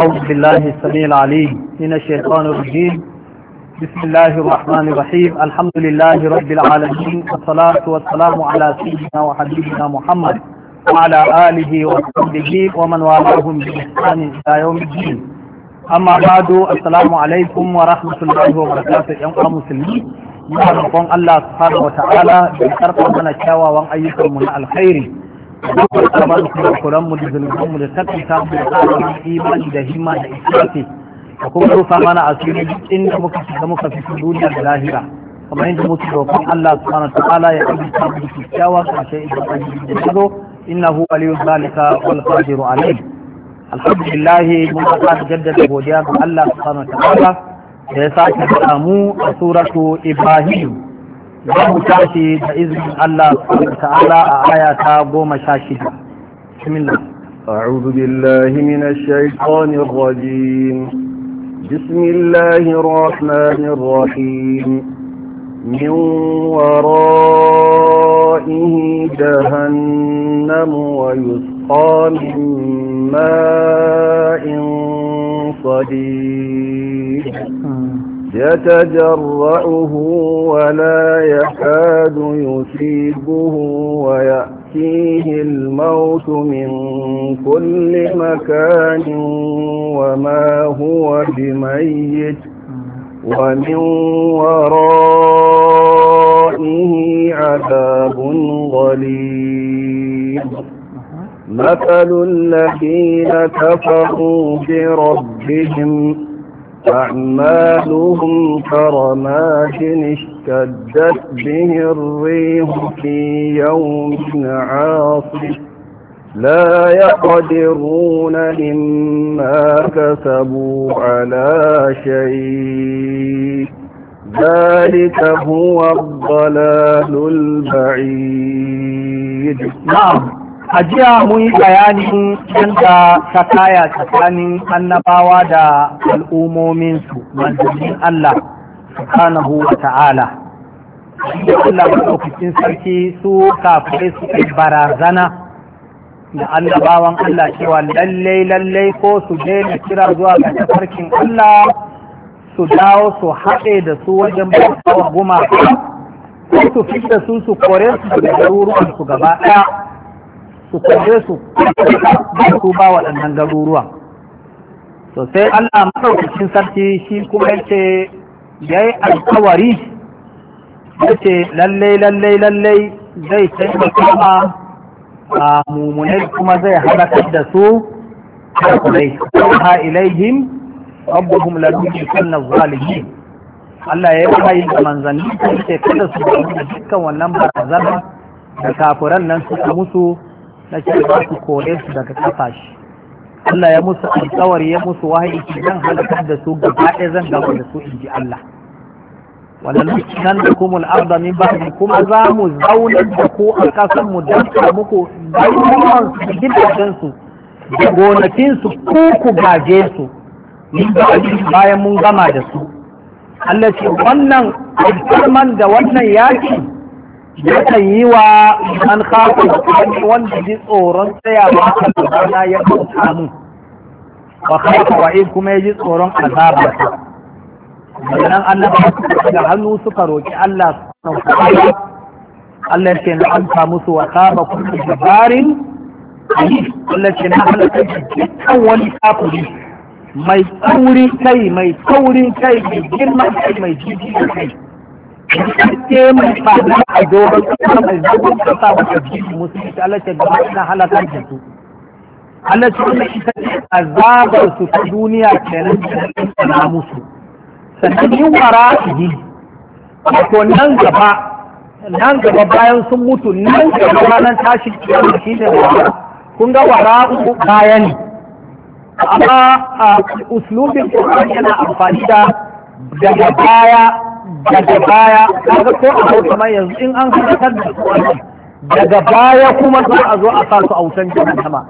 أعوذ بالله السميع العليم من الشيطان الرجيم بسم الله الرحمن الرحيم الحمد لله رب العالمين والصلاة والسلام على سيدنا وحبيبنا محمد وعلى آله وصحبه ومن والاهم بإحسان إلى يوم الدين أما بعد السلام عليكم ورحمة الله وبركاته يا مسلمين يا رب الله سبحانه وتعالى بشرف من الشاوى وأن أيكم من الخير bakwai kamar kuran mu da zunuban mu da tattata mu da tsarin imani da himma da israfi da kuma rufa mana asiri inda muka shiga muka fi duniya da lahira kamar yadda muke roƙon Allah subhanahu wa ta'ala ya yi samu da kyakkyawa karshe idan an yi da shago innahu waliyyu zalika wal qadiru alayh alhamdulillah mun ka jaddada godiya ga Allah subhanahu wa ta'ala da ya sake samu a suratu ibrahim za mu tashi da izinin Allah ta'ala a aya ta goma sha shida. أعوذ بالله من الشيطان الرجيم بسم الله الرحمن الرحيم من ورائه جهنم ويسقى من ماء صديق يتجرعه ولا يكاد يصيبه ويأتيه الموت من كل مكان وما هو بميت ومن ورائه عذاب غليظ مثل الذين كفروا بربهم أعمالهم كرمات اشتدت به الريح في يوم عاصف لا يقدرون مما كسبوا على شيء ذلك هو الضلال البعيد نعم a jiya mun yi bayanin yadda ta kaya tsakanin annabawa da al'ummominsu manzannin Allah subhanahu wa ta'ala Allah maɗaukakin sarki su kafai su ɗin barazana da annabawan Allah cewa lallai lallai ko su daina kira zuwa ga tafarkin Allah su dawo su haɗe da su wajen bautawa gumaka ko su fi da su su kore su garuruwan garuruwansu gaba ɗaya su kwaje su da su ba waɗannan garuruwa. to sai Allah maɗaukacin sarki shi kuma yace ya yi alkawari yace lallai lallai lallai zai taimaka ma a mumunai kuma zai halakar da su kafirai ha ilaihim rabbuhum la yushrikunna zalimin Allah ya yi wahayi ga manzanni sai kada su da dukkan wannan barazana da kafiran nan suka musu na ce ba su kore su daga kafa Allah ya musu alkawar ya musu wahayi ki zan halakar da su gaba ɗaya zan gaba da su in ji Allah nan da kuma al'arda min ba'di kuma za mu zaunar da ku a kasan mu don ka muku daunan su gidajen su da gonakin su ku ku gaje su min cikin bayan mun gama da su Allah ce wannan alfarman da wannan yaki yakan yi wa an kafin wani wanda ji tsoron ba a gabana ya kauta mu kai kawa wa'in kuma ya ji tsoron azaba sannan annaba da hannu suka roƙi Allah subhanahu Allah ya ce na an samu musu wa kaba kuma jabarin Allah ya ce na halaka kan wani kafuri mai tsaurin kai mai tsaurin kai mai girman kai mai jiji kai ce mai fada a doron kasa mai dogon kasa ba ta jiki musulunci Allah ce gaba ina halakar da su Allah ce wannan ita ce azabar su ta duniya kenan da na musu sannan yin wara yi wato nan gaba nan gaba bayan sun mutu nan gaba ranar tashi kiyama shi ne wara kun ga wara uku bayani. amma a ah, uslubin Qur'ani yana amfani da daga baya daga baya kaga ko a hausa mai yanzu in an halakar da su daga baya kuma za a zo a sa su a wutan jahannama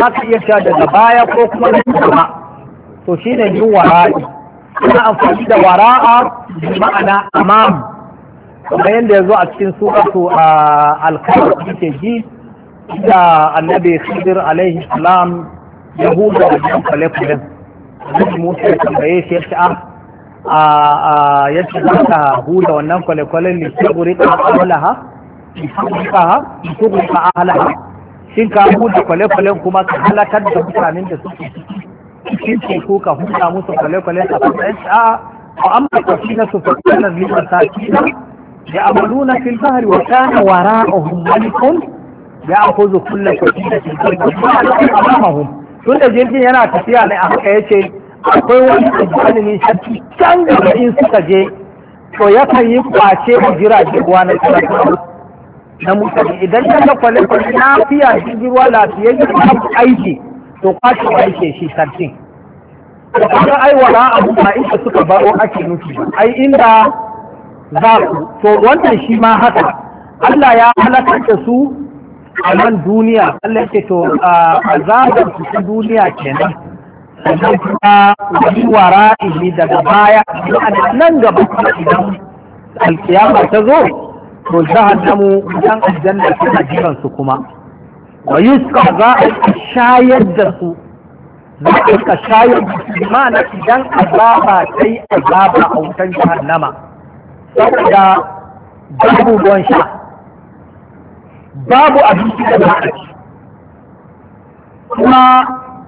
za ka iya sha daga baya ko kuma da kuma to shi ne yin wara'i ana amfani da wara'a ma'ana amam kamar yadda ya zo a cikin su a alkawar da ke ji da annabi khidir alaihi salam yahuda da jan kwale-kwalen Musa ya tambaye shi ya ce ah, a ya za ka hula wannan kwale-kwalen ne ta guri ta alaha ta alaha shin ka huda kwale-kwalen kuma ka halakar da mutanen da suke cikin ku ka huda musu kwale-kwalen a fasayen a wa an ka shi na su fasayen zuwa sati ya amaluna fil bahri wa kana wara'uhum malikun ya'khudhu kulla shay'in min amamahum tunda jirgin yana tafiya ne a haka yace akwai wani ajalini sarki can gaba in suka je to yakan yi kwace a jirage ruwa na karatu. na mutane idan ya ga kwale-kwale na fiya jirgin ruwa da babu aiki to kwace ba yake shi sarki da kuma ai wala abu ba inda suka baro ake nufi ai inda za su to wannan shi ma haka Allah ya halaka da su a nan duniya Allah ya ce to a zaɓar su duniya kenan sannan kuma wani wara ihi daga baya nan gaba idan alkiyama ta zo to jahannamu dan aljanna a jiran su kuma wa yusqa za a shayar da su za a ka shayar da su mana idan azaba sai azaba a wutan jahannama saboda babu ruwan sha babu abinci da za a ci kuma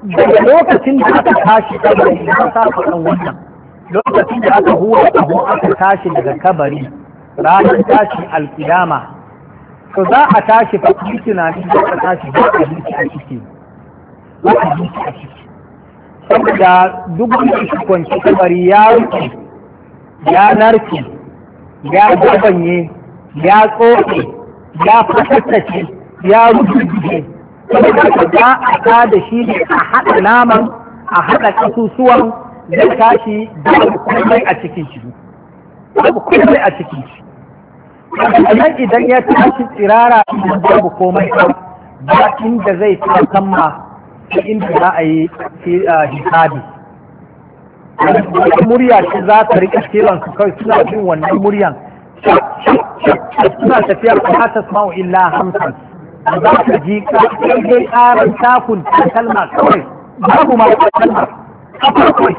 daga lokacin da aka tashi kabari na sa ɗan wannan lokacin da aka hura abu aka tashi daga kabari ranar tashi alƙidama to za a tashi fa tunanin da aka tashi ba abinci a ciki ba abinci a ciki saboda duk wani shi kwanci kabari ya rufe ya narke ya gabanye ya tsofe, ya fatattace ya rufe. saboda za a ta da shi ne a haɗa naman a haɗa ƙasusuwan zai tashi babu komai a cikin shi babu komai a cikin shi sannan idan ya tashi tsirara babu komai ba inda zai fi kamma inda za a yi hisabi wani murya ce za ta riƙa kiran su kai suna jin wannan muryan suna tafiya ba ta sama'u illa hamsin da za ka ji kai ƙarar takun takalma kawai babu ma takalma kafar kawai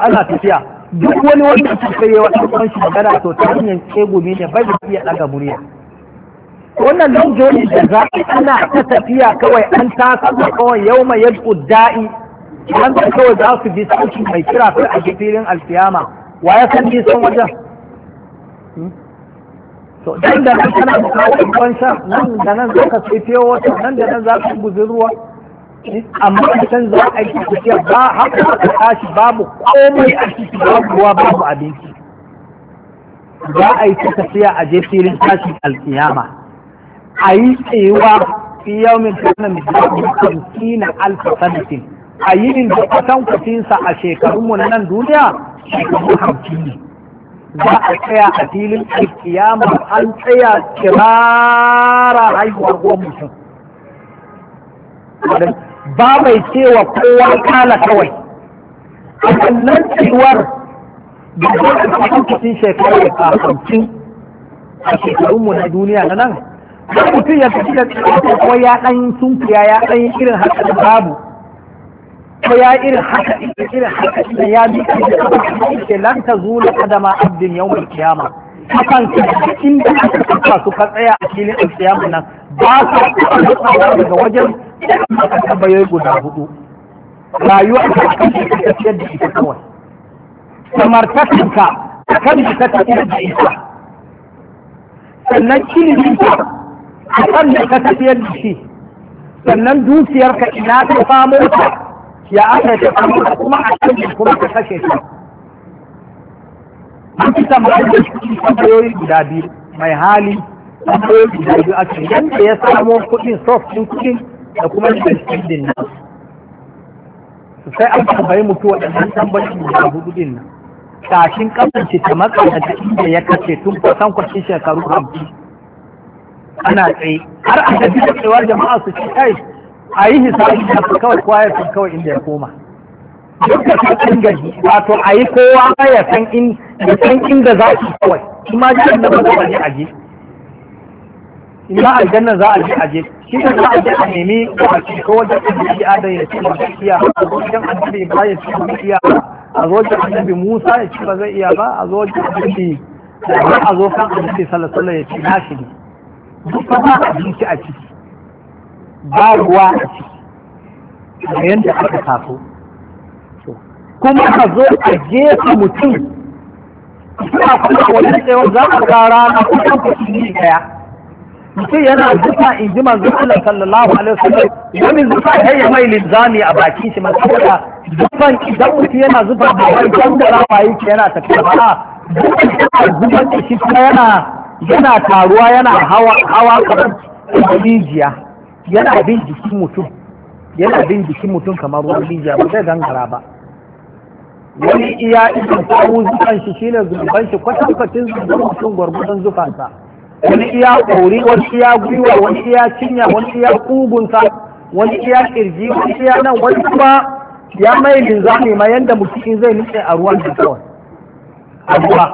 ana tafiya duk wani wanda su kai wa ɗan ɗan shi magana to ta hanyar tsegumi ne bai da iya ɗaga murya wannan lonjoni da za a ana ta tafiya kawai an taka kawai yau mai yadda da'i an ta kawai za su ji sauki mai kira fi a filin alfiyama wa ya san son wajen hmm? to dan da nan kana da ruwan sha nan da nan zaka sai fiye wata nan da nan zaka guzin ruwa amma can za a yi tafiya ba haka aka tashi babu komai a ciki babu ruwa babu abinci za a yi tafiya a je filin tashi alkiyama a yi tsayuwa fi yawmin kana mijin kamsina alfa sanatin a yi da kwatankwacinsa a shekarunmu na nan duniya shekaru hamsin ne za a tsaya a filin ma an tsaya kirara haihuwar goma mutum ba mai cewa kowa kala kawai a wannan cewar da zai a cikin shekaru a hamsin a shekarunmu na duniya na nan da mutum ya tafi da tsayuwar kawai ya ɗan sunkuya ya ɗan irin haka babu ko ya irin haka irin haka da ya bi ke lan ta zula kadama abdin yawmul qiyama hakan inda aka kafa su ka tsaya a filin alkiyama nan ba su daga wajen aka tabbayar guda hudu rayuwa ta kan ta tafiyar da ita kawai samartakinka kan ta tafiyar da ita sannan ilimin ka kan ta tafi da shi sannan dukiyarka ina ta samo ta ya aka ce kuma kuma a cikin kuma ka kashe shi an fi samu da shi tambayoyi guda biyu mai hali tambayoyi guda biyu a cikin yadda ya samo kuɗin soft ɗin kuɗin da kuma yadda din nan sai an tambayi mutuwa da nan tambayoyi guda huɗu din nan kashin ce ta matsa jikin da ya kace tun kusan kwashin shekaru hamsin ana tsaye har a tafi da tsawar jama'a su ci kai a yi hisabi da kawai kowa ya san kawai inda ya koma duk da san gaji wato a yi kowa ya san san inda za su kawai kuma jiyan na ba za a je a je ina aljanna za a je a je shi ne za a je a nemi ko wajen annabi adam ya ce ba zai iya a wajen annabi ibrahim ya ce ba zai iya a wajen annabi musa ya ce ba zai iya ba a wajen annabi a zo kan annabi sallallahu alaihi wasallam ya ce na shi ne duk ba a jinki a ciki ba ruwa a ciki a yadda aka taso kuma ka zo a jefa mutum suna kuma wani tsayawar za a ga rana kusan kusan ne daya mutum yana zufa in ji manzo Allah sallallahu alaihi wasallam wani zufa sai ya mai linzami a baki shi saboda zufan idan mutum yana zufa ba wai dan da rawayi ke yana tafiya ba zufan yana zuban shi kuma yana yana taruwa yana hawa hawa kamar rijiya yana bin jikin mutum yana bin jikin mutum kamar ruwan rijiya ba zai gangara ba wani iya idan kawo zukan shi ne zuban shi kwatankwacin zuban mutum gwargwadon zufansa wani iya kori wani iya gwiwa wani iya cinya wani iya kugunsa wani iya kirji wani iya nan wani kuma ya mai linzami ma yanda mutum zai nutse a ruwan da kawai a ruwa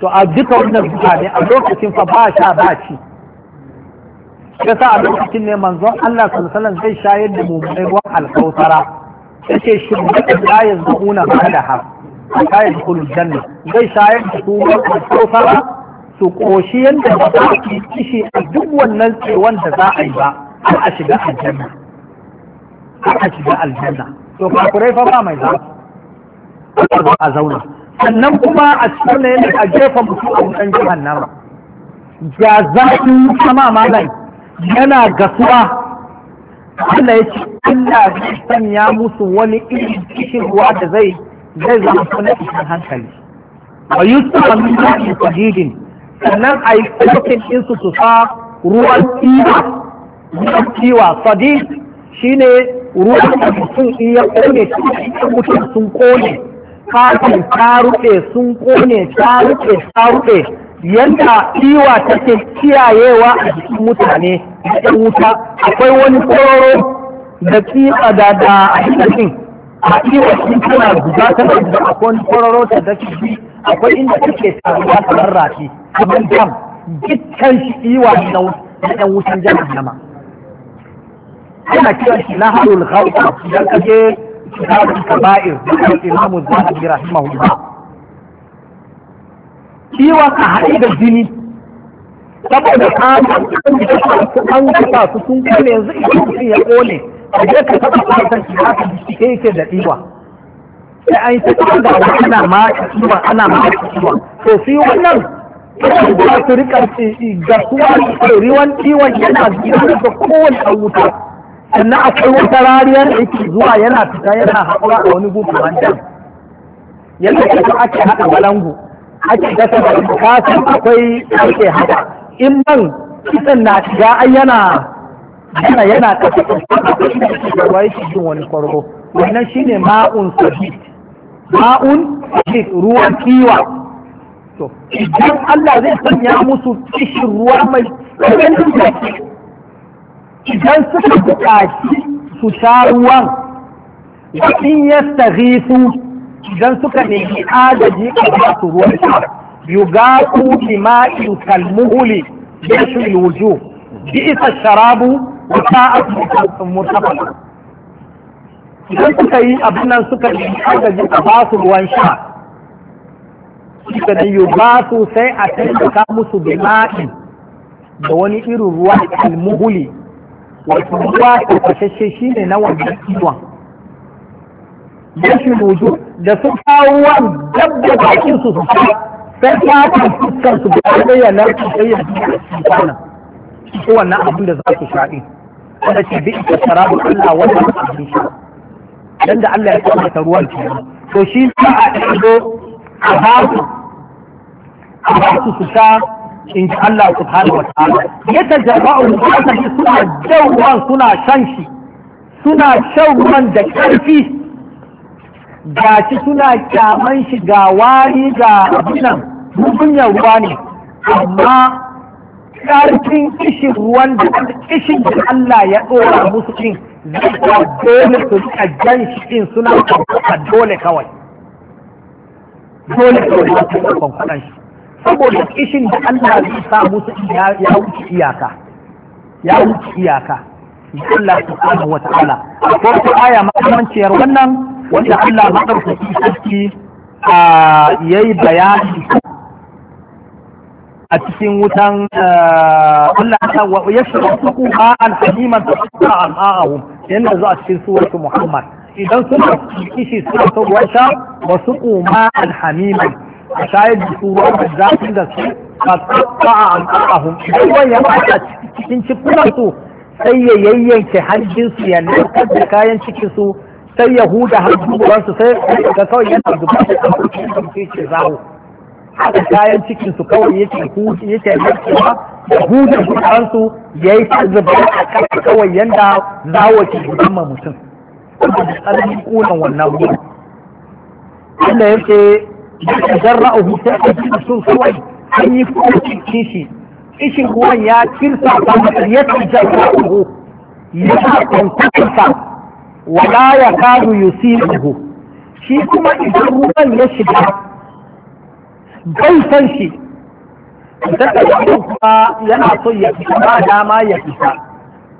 to a duka wannan zuwa ne a lokacin fa ba sha ba ci ya sa a lokacin ne manzon Allah sallallahu zai shayar da mummunai ruwan alkautara ya ce shi da ya zauna ba da har a kayan kulun janna zai shayar da su ruwan alkautara su koshi yadda ba za su kishi a duk wannan tsewan da za a yi ba har a shiga aljanna har a shiga aljanna to kakurai fa ba mai za a zauna sannan kuma a cikin ne a jefa mutum a wutan jihannama ya za su kama malai yana gasuwa Allah ya ce Allah zai sanya musu wani irin ruwa da zai zai zama kuna cikin hankali wa yusufa min ma'in sajidin sannan a yi kokin insu su sa ruwan kiwa ruwan kiwa shi shine ruwan da mutum in ya kone shi mutum sun kone kafin ta rufe sun kone ta rufe ta rufe yadda kiwa take kiyayewa a jikin mutane da wuta akwai wani kororo da kiwa da da a a kiwa shi tana guda tana da akwai wani kororo ta da shi akwai inda take taruwa ta rarrafi abin dam dukkan shi kiwa na ɗan wutan nama. ana kiran shi na harul gauta idan kaje kitabul kaba'ir da imamu zahabi rahimahullah ciwon a haɗe da jini saboda kamun an gasa su sun kone yanzu idan mutum ya kone a je ka taɓa ƙasar shi haka jiki yake da ɗiwa sai an yi ta cikin da ana ma ciwon ana ma ciwon to su yi wannan kuma su rika gasuwa su wani ciwon yana gina ga kowane a wuta sannan akwai wata rariyar da yake zuwa yana fita yana haɗuwa a wani gudu hanjar yadda ake haɗa balangu ake gasa da kasu akwai ake haka in man kitan na shiga an yana yana yana kasa da wai shi jin wani kwargo wannan shine ma'un sabit ma'un sabit ruwan kiwa to idan Allah zai sanya musu kishin ruwa mai tsananin da idan suka buƙaci su sha ruwan wa in yastaghisu idan suka nemi agaji a ba su ruwan sha yugaku bima'in kalmuhuli yashul bi isa sharabu wa sa'at mutafaq idan suka yi abin nan suka nemi agaji a ba su ruwan sha suka da yugatu sai a taimaka musu bima'in da wani irin ruwa kalmuhuli wato ruwa shi ne na wannan kiwon rashin wuju da su kawo dab da bakin su su sai ta kan fuskar su ga ɗaya na ɗaya su kwana ko wannan abin da za su shaɗi, ɗin wanda ce bi ita sarabu Allah wanda ba su sha dan da Allah ya kawo ta ruwan ke to shi sa a ɗago a ba su a ba su su sha in ji Allah subhanahu wa ta'ala ya tajaba'u da suna jawwan suna shan shi suna shan ruwan da ƙarfi ga shi suna kyaman shi ga wari ga abinan mugunyar ruwa ne amma ƙarfin kishin ruwan da kishin da Allah ya ɗora musu ɗin zai ga dole su rika jan shi ɗin suna kwankwada dole kawai dole kawai za su rika shi saboda kishin da Allah zai sa musu ya wuce iyaka ya wuce iyaka Allah subhanahu wa ta'ala ko ta aya ciyar wannan wanda Allah maɗaukaki sarki a yi bayani a cikin wutan Allah ta wa yashraku ma al da al yana zuwa cikin suratu Muhammad idan suka kishi suna ta sha wasu kuma al-hamima a shayar da su ruwan zafin da su tasqa al-ahum ruwan ya mata cikin cikin sai ya yayyanke hanjinsu ya narkar da kayan cikinsu sai yahuda har duburansu sai ga kawai yana zuba da abokin da mutum ke zawo haka kayan cikin su kawai yake huji yake narkewa yahudan duburansu ya yi ta zuba a kasa kawai yanda wa ke zuban ma mutum kuma da tsarki kunan wannan ruwa wanda yake da zarra'uhu sai a ji sun kawai an yi kuma cikin shi kishin ruwan ya kirsa ba ya tarjarra'uhu ya kwantakinsa wala ya kadu yusibuhu shi kuma idan ruwan ya shiga bai san shi idan da kuma yana so ya fita ba dama ya fita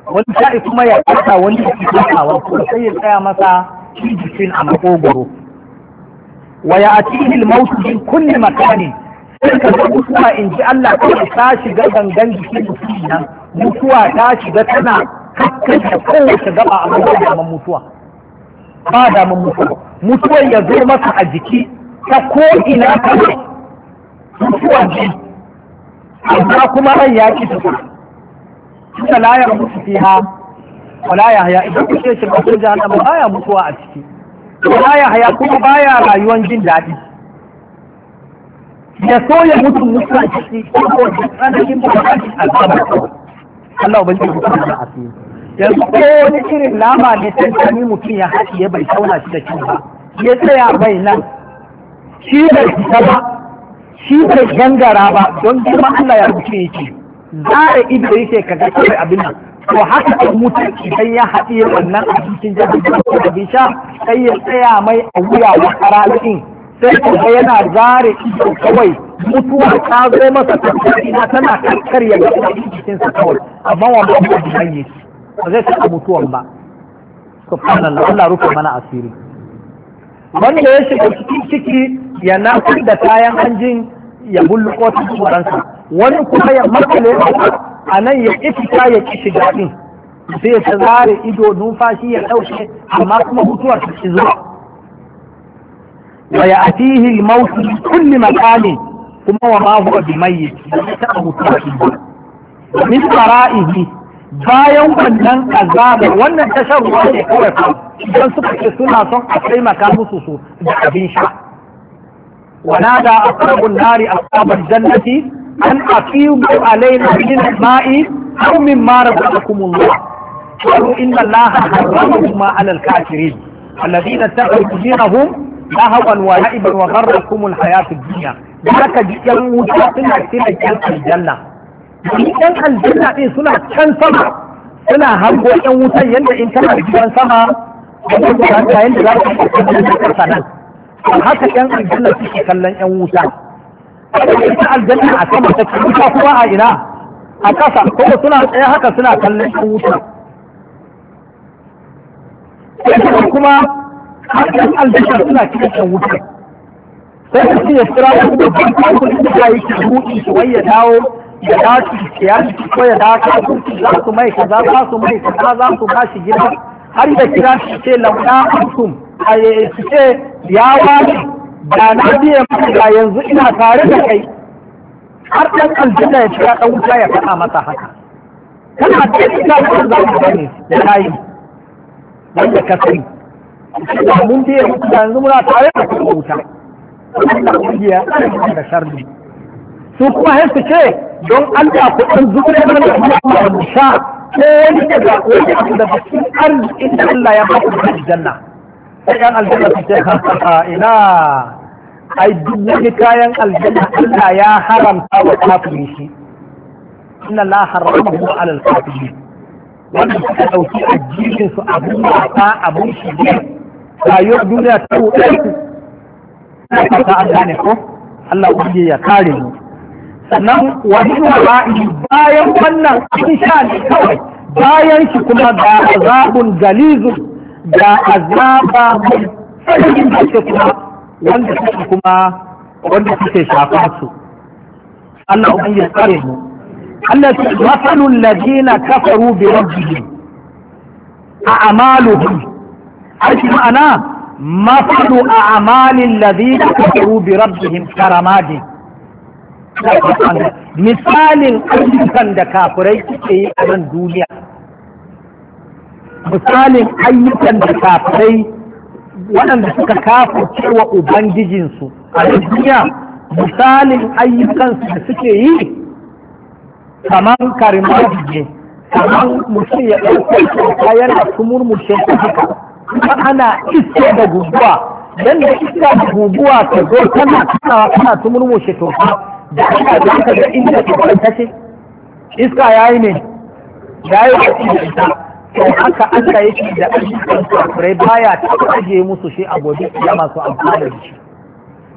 wani sa'i kuma ya fita wani ya fita a wasu sai ya tsaya masa jikin a makogoro wa ya atihi al-maut min kulli makani sai ka ga mutuwa in ji Allah ta shiga gangan jikin mutum nan mutuwa ta shiga tana kakkanta kowace gaba a kan daman mutuwa ba daman mutuwa mutuwar ya zo masa a jiki ta ko ina kawai mutuwa ne amma kuma ran ya ki tuka tunda la ya mutu ha wala ya haya idan ku ce shi ba sun jahannama baya mutuwa a ciki wala ya haya kuma baya rayuwan jin daɗi ya so ya mutu mutu a ciki ko da tsananin a zama Allah ubangiji ku kuma asiri yanzu ko wani irin nama ne ta tantani mutum ya haɗi ya bai tauna shi da kyau ba ya tsaya bai nan shi bai fita ba shi bai gangara ba don kuma Allah ya rubuce yake zara ido yake kaga kai abin nan to haka ɗan mutum idan ya haɗi wannan abincin jirgin ko abin sha sai ya tsaya mai a wuya wa harajin sai kuma yana zare ido kawai mutuwa ta zo masa na, tana ya ga jikinsa kawai amma wannan abin yake ba zai taɓa mutuwan ba subhanallah Allah rufe mana asiri wanda ya shiga cikin ciki ya nafi da kayan hanjin ya bulluko ta tsoronsa wani kuma ya makale a nan ya ifita ya ki shiga din sai ya zare ido numfashi ya ɗauke amma kuma mutuwar ta ci zuwa wa ya atihi mautu kulli makalin kuma wa ma huwa bi mayyit ta mutuwa min fara'ihi bayan wannan azabar wannan tashar ruwa ne kawai don suka ce suna son a taimaka musu da abin sha wana da asabun nari asabar jannati an afiyu bi alai na bin min mara kuma kumulla wani inda laha harbama kuma alal kafirin alladina ta ɗaukujina hum la hawan wa na ibar wa garra kumul hayatu duniya da aka ji ƴan wuta suna cikin ƴan aljanna yan aljanna din suna can sama suna hango yan wutan yadda in tana gidan sama wajen da ta yadda za ka kallon da sanan haka yan aljanna suke kallon yan wuta ita aljanna a sama ta ke wuta kuma a ina a ƙasa. Kuma suna tsaye haka suna kallon yan wuta kuma yan aljanna suna kiran yan wuta sai su ce ya kira wani babban kuma da ya yi kiruɗi shi wai ya dawo ya dace ya miki ko ya dace za su mai kaza za su mai kaza za su ba shi gida har da kira shi ce launa antum a su ce ya wani da na biya maka yanzu ina tare da kai har ɗan aljanna ya shiga ɗan wuta ya faɗa masa haka kana ce ina kan za ka gane da layi wanda ka sani da mun biya yanzu muna tare da kuma wuta wannan kungiya da sharri su kuma sai su ce don Allah ku dan zure mana da Allah ya wa sha ko wani daga wani abu da cikin arzikin da Allah ya baka da aljanna sai yan aljanna su ce ina ai duk wani kayan aljanna Allah ya haramta wa kafiri shi inna la haramahu ala al-kafirin wanda suka dauki addinin su abun ba abun shi ne rayuwar duniya ta wuce ta ta an gane ko Allah ubangiji ya kare mu sannan wani ra'i bayan wannan abin ne kawai bayan shi kuma ga azabun galizun ga azaba mai tsananin da ke kuma wanda suke kuma wanda suke shafa su Allah ubangi ya tsare mu Allah ya masalul ladina kafaru bi rabbihim a amaluhum aiki ma'ana masalu a amalin ladina kafaru bi rabbihim karamadin misalin ayyukan da kafirai suke yi a nan duniya misalin ayyukan da kafirai waɗanda suka kafa cewa ubangijinsu a nan duniya misalin ayyukansu da suke yi kamar karimar ne kamar mutum ya ɗauke kyauta yana mutum ta haka kuma ana iske da guguwa yadda iska da guguwa ta zo tana tana tana tumurmushe kyauta da aka za ka ga inda ke kwantace iska ya yi ne ya yi wasu da ita to haka Allah yake da ayyukan kafirai baya ta ajiye musu shi a gobe ya masu amfani da shi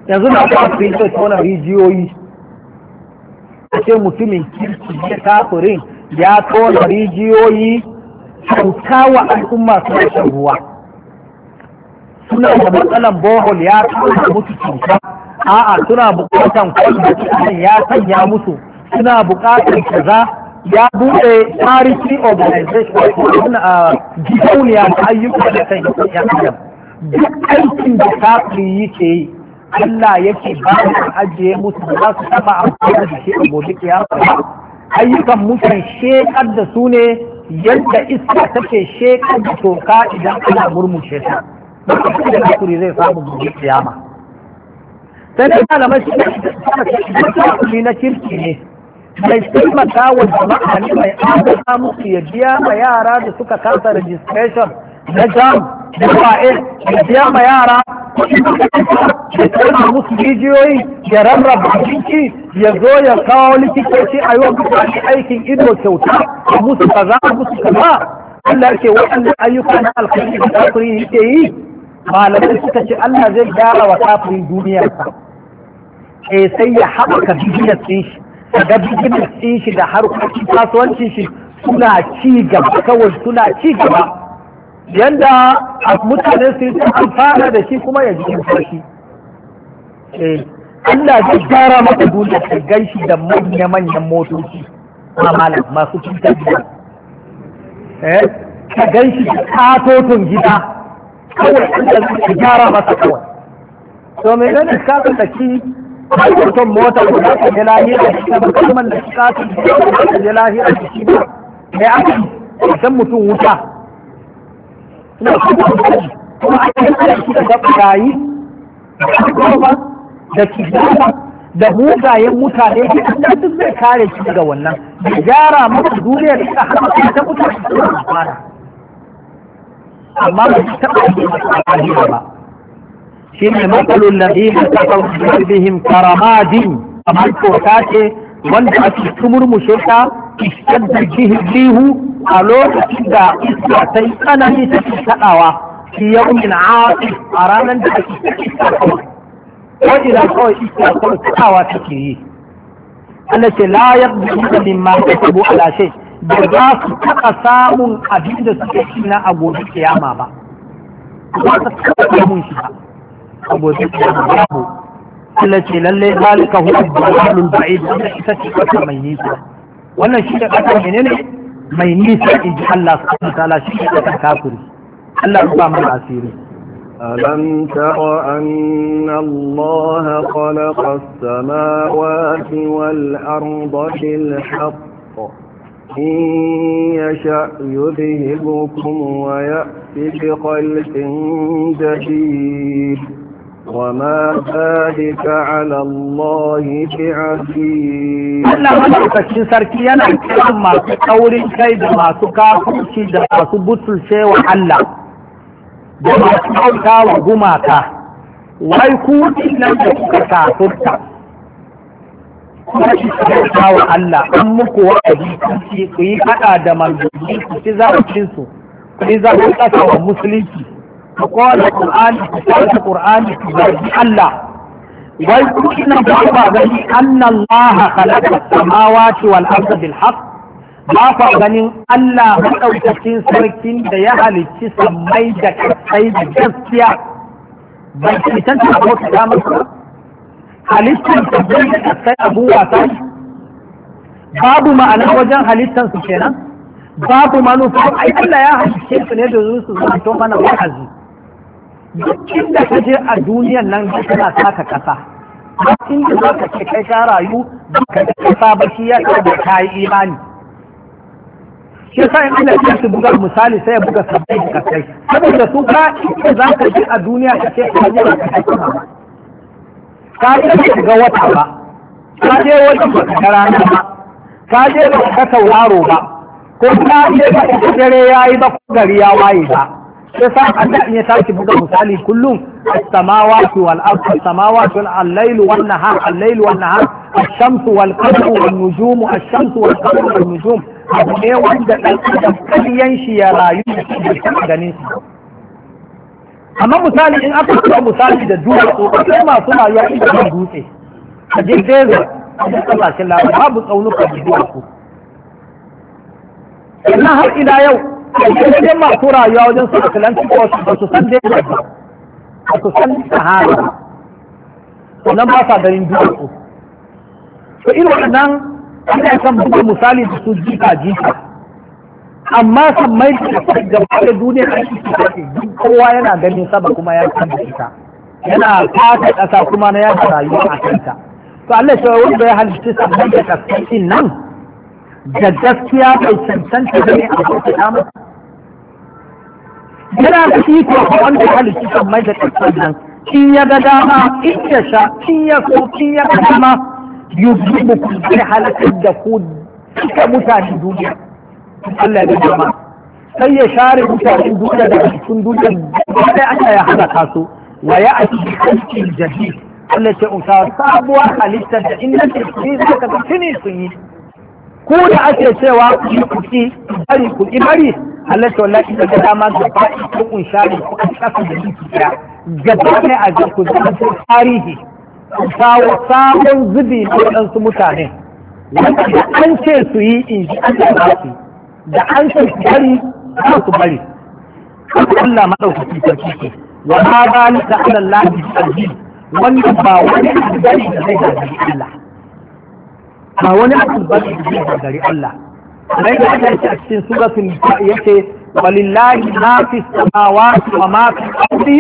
yanzu na ta su ta tona rijiyoyi a ce mutumin kirki ya kafirin ya tona rijiyoyi kyauta wa al'umma su shan ruwa suna da matsalan bohol ya kawo musu cuta a'a suna bukatan kwallon ya sanya musu suna bukatan kaza ya bude tarihi organization a gidauniya uh, da ayyuka da kan yan adam duk aikin da kafin yake yi Allah yake ba mu ajiye musu da za su taɓa amfani da shi a gobe kiyama ayyukan mutum shekar da su ne yadda iska take shekar da toka idan ana murmushe ta da kafiri zai samu gobe kiyama sai da malamai shi ne kafiri na kirki ne mai taimaka wa jama'a ne mai adana musu ya biya ma yara da suka kasa registration na jam da fa'il ya biya ma yara ya tsara musu rijiyoyi ya rarraba abinci ya zo ya kawo likitoci a yau mutane aikin ido kyauta a musu kaza a musu kaza Allah ke waɗannan ayyuka na alkhairi da kafiri yake yi malamai suka ce Allah zai gyara wa kafin duniyarsa ke eh, sai ya haɓaka business ɗin shi ga business ɗin shi da harkokin kasuwancin shi suna ci gaba kawai suna ci gaba yanda mutane su yi amfana da shi kuma ya ji shi eh Allah zai gyara maka duniya ka gan shi da manya-manyan motoci malam masu cutar gida eh ka gan shi da katotun gida kawai sun da zai gyara masa kawai to me ne ka san da ki mutum mota ko da ke lahira shi ba kuma da ka san da ke lahira shi ba sai aka dan mutum wuta ina kuma aka yi da shi da kayi da kidama da mugayen mutane ke an duk zai kare shi daga wannan gyara masa duniya da ta hana ta mutane da fara amma ba su taɓa yi a lahira ba shi ne matsalul ladina taqaw bihim karamadin amma kyauta ce wanda ake tumurmushe ta da bihim a lokacin da iska ta yi tsanani ta ke kaɗawa shi ya umin a ranar da ake iska kawai ko ina kawai iska kawai kaɗawa take yi Allah ce la yabdu min ma tasabu ala shai. ba za su taɓa samun abin da suke ci na a gobe kiyama ba ba su taɓa samun shi ba a gobe kiyama babu Allah ce lalle zalika huwa dalalul ba'id wannan ita ce kasa mai nisa wannan shi da kasa menene mai nisa in ji Allah subhanahu wa ta'ala shi ne kasa kafiri Allah ya ba mu asiri ألم تر أن الله خلق السماوات والأرض بالحق إن يشأ يذهبكم ويأتي بخلق جديد وما ذلك على الله بعزيز Allah madaukakin sarki yana kiran masu taurin kai da masu kafirci da masu butulce wa Allah da masu kauta wa gumaka wai ku nan da kuka kafirta kashi kyauta wa Allah an muku wa'azi ku yi hada da manzanni ku ci zarafin su ku yi zarafin kasa wa musulunci ku kowane Qur'ani ku kowane Qur'ani ku zargi Allah wai ku ina ba ba gani anna Allah khalaqa samawati wal arda bil haqq ba fa ganin Allah madaukakin sarkin da ya halicci sammai da kasai da gaskiya bai ki ko ta masa halittar da zai kasai abu wasa babu ma'ana wajen halittar su kenan babu manufa ai Allah ya halice su ne domin su to mana wa'azi duk inda ka je a duniyan nan tana saka kasa duk inda za ka ce kai ka rayu ka da kasa ba shi ya ce da ta yi imani shi sa in Allah ya buga misali sai ya buga sabbin kasai saboda su ka inda za ka je a duniya ka ce ka yi ba ka ba ka je ga wata ba ka je wani ba ga rana ba ka je ba ka sauraro ba ko ka je ba ka dare yayi ba ko gari ya waye ba yasa Allah in ya tashi buga misali kullum as-samawati wal ardu as-samawati wal al-lailu wan nahar al-lailu wan nahar shamsu wal qamaru wan nujumu ash-shamsu wal qamaru wan nujum abu ne wanda shi ya rayu da ganin shi amma misali in aka kuma misali da duwatsu sai masu rayuwa ita kan dutse a jin desert a je kasashen lafiya babu tsaunuka da ku. sannan har ila yau sai masu rayuwa wajen su atlantic ocean ba su san desert ba ba su san sahara sannan ba sa ganin ku. to irin waɗannan ana kan buga misali da su jika jika amma kan sammai da ga da duniya a cikin kowa yana ganin sama kuma ya san ita yana kata ƙasa kuma na yadda rayuwa a kanta to Allah shi wanda ya halitta sammai da kasashen nan da gaskiya bai cancanta da ne a kowace damar yana da iko wanda ya halitta sammai da kasashen nan in ya ga dama in ya sha in ya so in ya ga dama yuzubu ku zai da ku duka mutane duniya Allah ya jama sai ya share mutanen duniya daga cikin duniya sai Allah ya halaka su wa ya aiki kalkin jahil Allah ce unsa sabuwar halittar da inda ke cikin suka ga tuni sun yi ku da ake cewa ku yi kuki bari ku yi bari Allah ta wallahi da dama da ba ku kun share ku a kasa da dukiya gaba ne a ku da tarihi kawo sabon zubi na waɗansu mutane wanda an ce su yi in ji an ba su da an san bari za su bari Allah madaukaki sarki ce wa ma ni da Allah bi sarki wannan ba wani abu bari da zai gagari Allah ba wani abu bari da zai gagari Allah sai da Allah ya cikin suratul nisa yake walillahi ma fi samawati wa ma fi ardi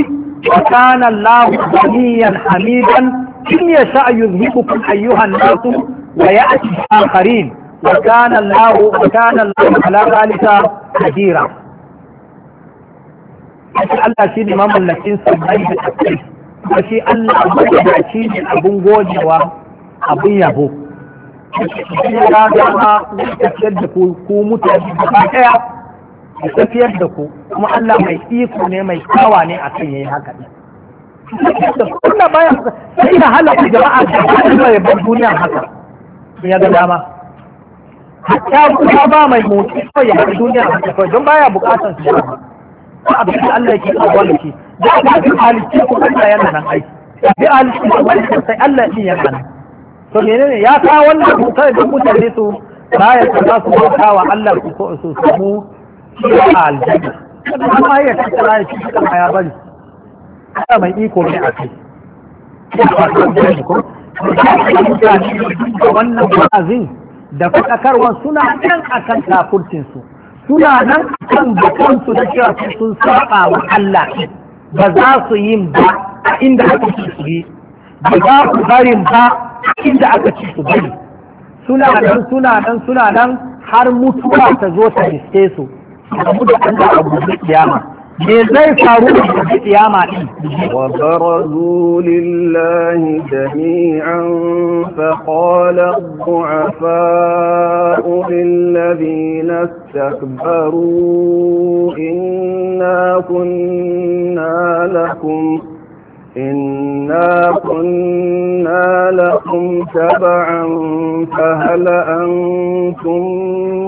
wa kana Allahu ghaniyan hamidan in yasha yuzhibukum ayyuhan nas wa ya'ti akharin وكان الله وكان الله على ذلك قديرا Allah shi ne mamallakin sabbin da tsakai kuma shi Allah da shi ne abin gojewa abin yabo ya tafiyar da ku ku mutane gaba daya da tafiyar da ku kuma Allah mai iko ne mai kawa ne a kan haka ne kuna bayan sai da halaka jama'a da ba ya bar duniya haka ya ga dama hatta kuma ba mai motsi kawai ya haɗu duniya a kawai don baya bukatar su ba a da Allah ke kawo da shi da ka fi halitta ko Allah yana nan aiki bi halitta ko wanda sai Allah din yana nan to menene ya kawo wannan dokar da mutane su baya su za su bauta wa Allah su ko su samu ciwo a aljanna amma ya tattala ya cikin kan ya bari kada mai iko ne a kai wannan wa'azin da faɗakarwar suna nan kan kafurcinsu suna nan kan bakansu da cewa sun saba wa Allah ba za su yi ba a inda aka ci su yi ba za su barin ba inda aka ci su bari suna nan suna nan suna nan har mutuwa ta zo ta riske su da mu da Allah a gobe kiyama me zai faru da kiyama din wa barazu lillahi jami'an fa qala du'afa lil ladina istakbaru inna kunna lakum إنا كنا لكم تبعا فهل أنتم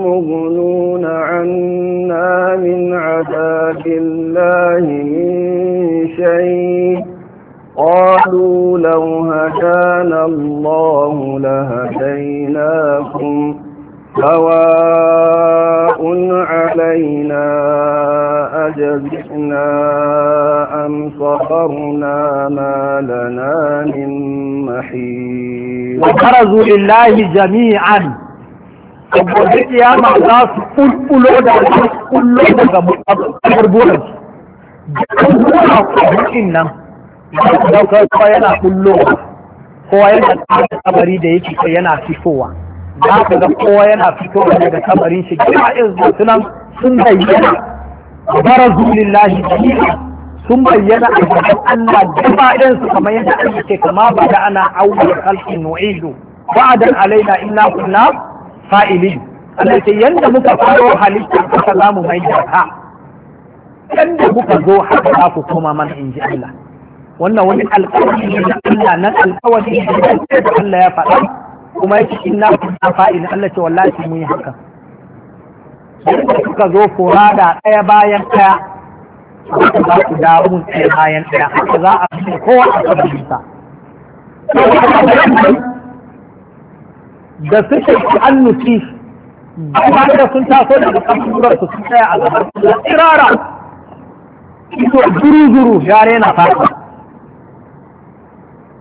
مغنون عنا من عذاب الله من شيء قالوا لو هدانا الله لهديناكم سواء علينا أجزئنا أم صبرنا ما لنا من محيط وبرزوا لله جميعا saboda kiyama za su kulkulo da kullo daga karburan kuma kwanan nan daukar kowa yana kullo ko yana tsara kabari da yake yana fitowa za ka ga kowa yana fitowa daga kamarin shi gina izu sunan sun bayyana barazu lillahi jami'a sun bayyana a gaban Allah gaba ɗayan su kamar yadda ake ce kuma ba da ana auwar halkin nu'idu dan alaina illa kunna fa'ilin Allah ce yanda muka faro halitta haka za mu mai da ka yanda muka zo haka za ku koma mana in ji Allah wannan wani alƙawari ne na Allah na alƙawari da Allah ya faɗa kuma yake inna kunna fa'ilin Allah ce wallahi mun yi haka yadda suka zo furada ɗaya bayan ɗaya haka za ku dawo mun ɗaya bayan ɗaya haka za a fi kowa a bisa da suke nufi, amma da sun taso daga turar su sun tsaya a gaban da tsirara ito zuru zuru yare na fata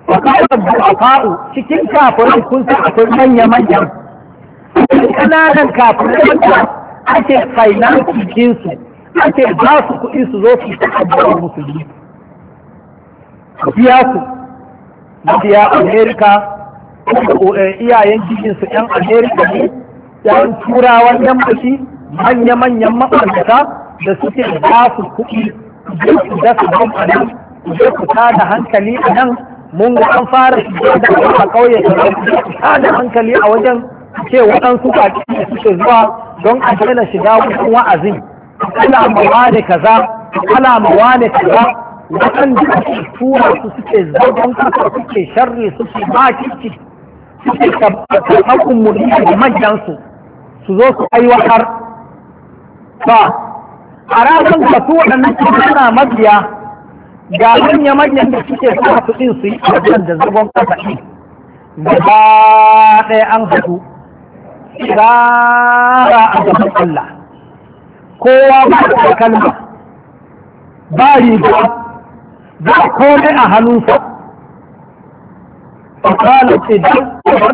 wa kawai bu'afa'u cikin kafirai kun san akwai manya manyan kananan kafirai da ake finance jinsu ake ba su kuɗi su zo su ta abubuwan musulmi biya su biya amerika eh, iyayen jikinsu yan amerika ne yan turawan yan baki manya-manyan maɓarkata da suke ba su kuɗi su je su dasa bambana su je su hankali a nan mun ga an fara shiga da a ƙauye ta da hankali a wajen ce waɗansu baki da suke zuwa don a daina shiga wasu wa'azin kala mawa ne kaza kala mawa ne kaza waɗanda ake tura su suke zagon su suke sharri suke makici suke tabbatakun murni da majansu su zo su aiwatar ba a ranar ka su waɗannan suna mabiya ga manya manyan da suke sa kuɗin su yi abin da zagon kasa ɗin gaba ɗaya an haɗu tsara a gaban Allah kowa ba ta kalma ba riga ba komai a hannunsa fakalin idan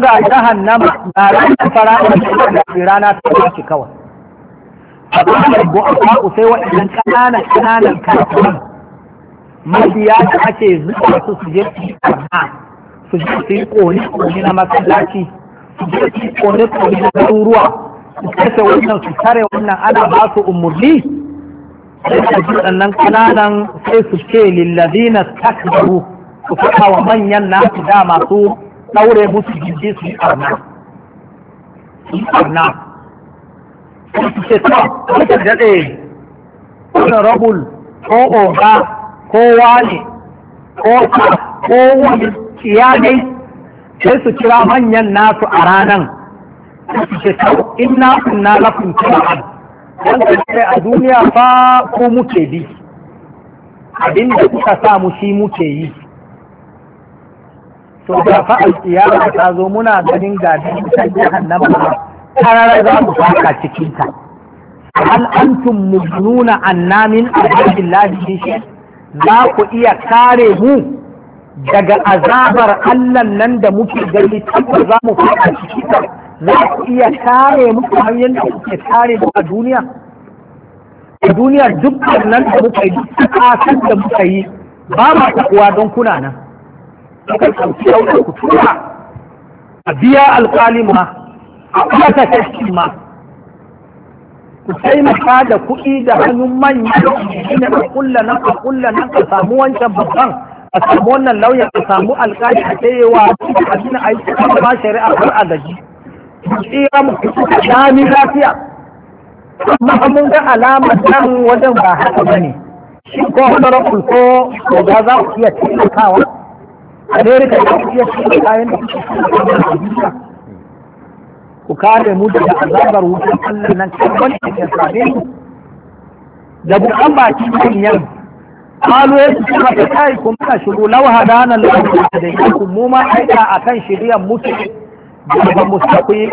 daga jahannama na ranar fara da rana ta kawai a ƙasar bu'afa sai waɗannan ƙananan kananan kasuwan mabiya da ake zuwa su su je su yi su je su yi kone kone na masallaci su je su yi kone kone na garuruwa su kashe wannan su tare wannan ana ba su umurni sai su ji sannan kananan sai su ce lillazina takbaru su faɗa wa manyan na su da masu ɗaure musu gindi su yi ɓarna su yi ɓarna su ce ta wata daɗe wani rabul ko oga kowa ne ko kowane sai su kira manyan nasu a ranan su ce kau inna kunna lakum kira'an wanda sai a duniya fa ko muke bi da kuka samu shi muke yi so da fa alƙiyama ta zo muna ganin ga dukkan jahannama tararar za mu faka cikin ta hal antum mujnuna anna min shi za ku iya kare mu daga azabar Allah nan da muke gani tabbas za mu fada ciki za ku iya kare mu kamar yadda kuke kare mu a duniya a duniya dukkan nan da muka yi duk da muka yi ba ma takuwa don kuna nan kuka sauki yau da ku tura a biya alkalima ma a ɓata kashi ma ku taimaka da kuɗi da hannun manya ne a kulla nan a kulla nan a samu wancan babban a samu wannan lauya a samu alƙali a tsayewa a cikin aiki a ba shari'a har a gaji tsira mu dami lafiya amma mun ga alama nan wajen ba haka ba ne shi ko honorable ko da za ku iya taimakawa amerika za ku iya taimakawa yadda kuke taimakawa ku kare mu daga azabar wutar Allah nan kan wanda ke same mu da bukan baki kunyan qalu ya su kuma ta kai kun ka shiru law hadana Allah da ku mu ma aika akan shiriyar mutu da ba mu yi.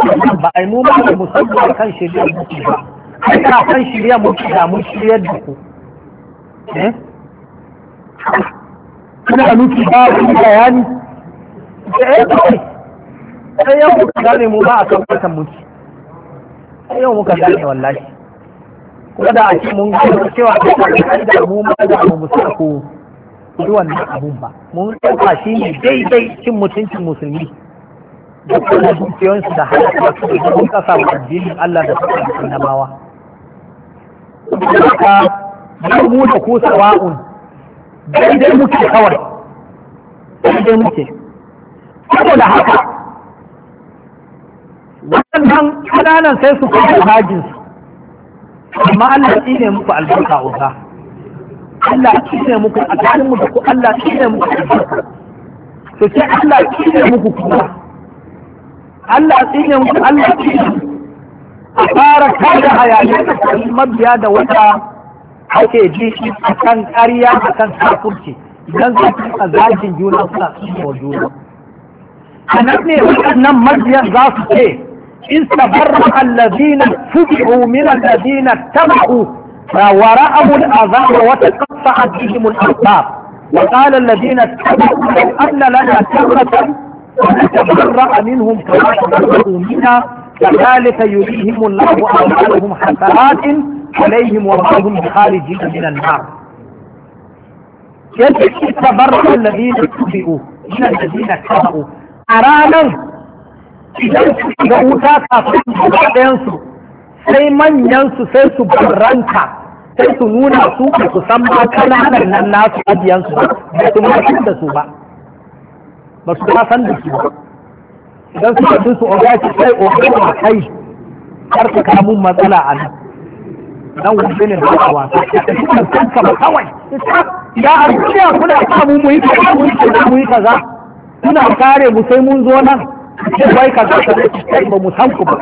ba ai mu ma mu sabu akan shiriyan mutu ba ai akan shiriyar mutu da mun shiryar da ku eh kana nufi ba bayani eh sai yau muka gane mu ba a kan fatan mutu sai yau muka gane wallahi kuma da ake mun gano cewa kai da mu ma da mu musa ko yi wannan abun ba mun ɗauka shi ne daidai cin mutuncin musulmi da kuma dukiyoyinsu da halaka su da gudun ƙasa da addinin Allah da suka da annabawa. Haka yau mu da ku sawa'un daidai muke kawai daidai muke. Saboda haka waɗannan ƙananan sai su kuma hajin su amma Allah ya ne muku albarka uba Allah ya ne muku alƙalin mu da ku Allah ya ne muku albarka to ce Allah ya ne muku kuma Allah ya ne muku Allah ya a fara kada hayaniyar da mabiya da wata ake ji a kan ƙarya a kan kafurci idan za su a zagin juna suna juna a nan ne waɗannan mabiyan za su ce تبرأ الذين اتبعوا من الذين اتبعوا ورأوا الأذان وتقطعت بهم الأخبار وقال الذين اتبعوا لو أن لنا كرة ونتبرأ منهم كما تبرأوا منا كذلك يريهم الله أعمالهم حسنات عليهم وما هم من النار يجب استبرأ الذين اتبعوا من الذين اتبعوا أرانا da wuta kafin ɗayansu sai manyansu sai su barranta sai su nuna su ba su san ba kananan nan nasu ajiyansu ba ba su ma da su ba ba su ta san da su ba idan su ka su oga ce sai oga kai kar ka kamu matsala a nan dan wuce ne da wasa, kan kanka ba kawai ya arziya kuna kamu mu yi kaza mu yi kaza kuna kare mu sai mun zo nan wai ka ga kai ba mu san ku ba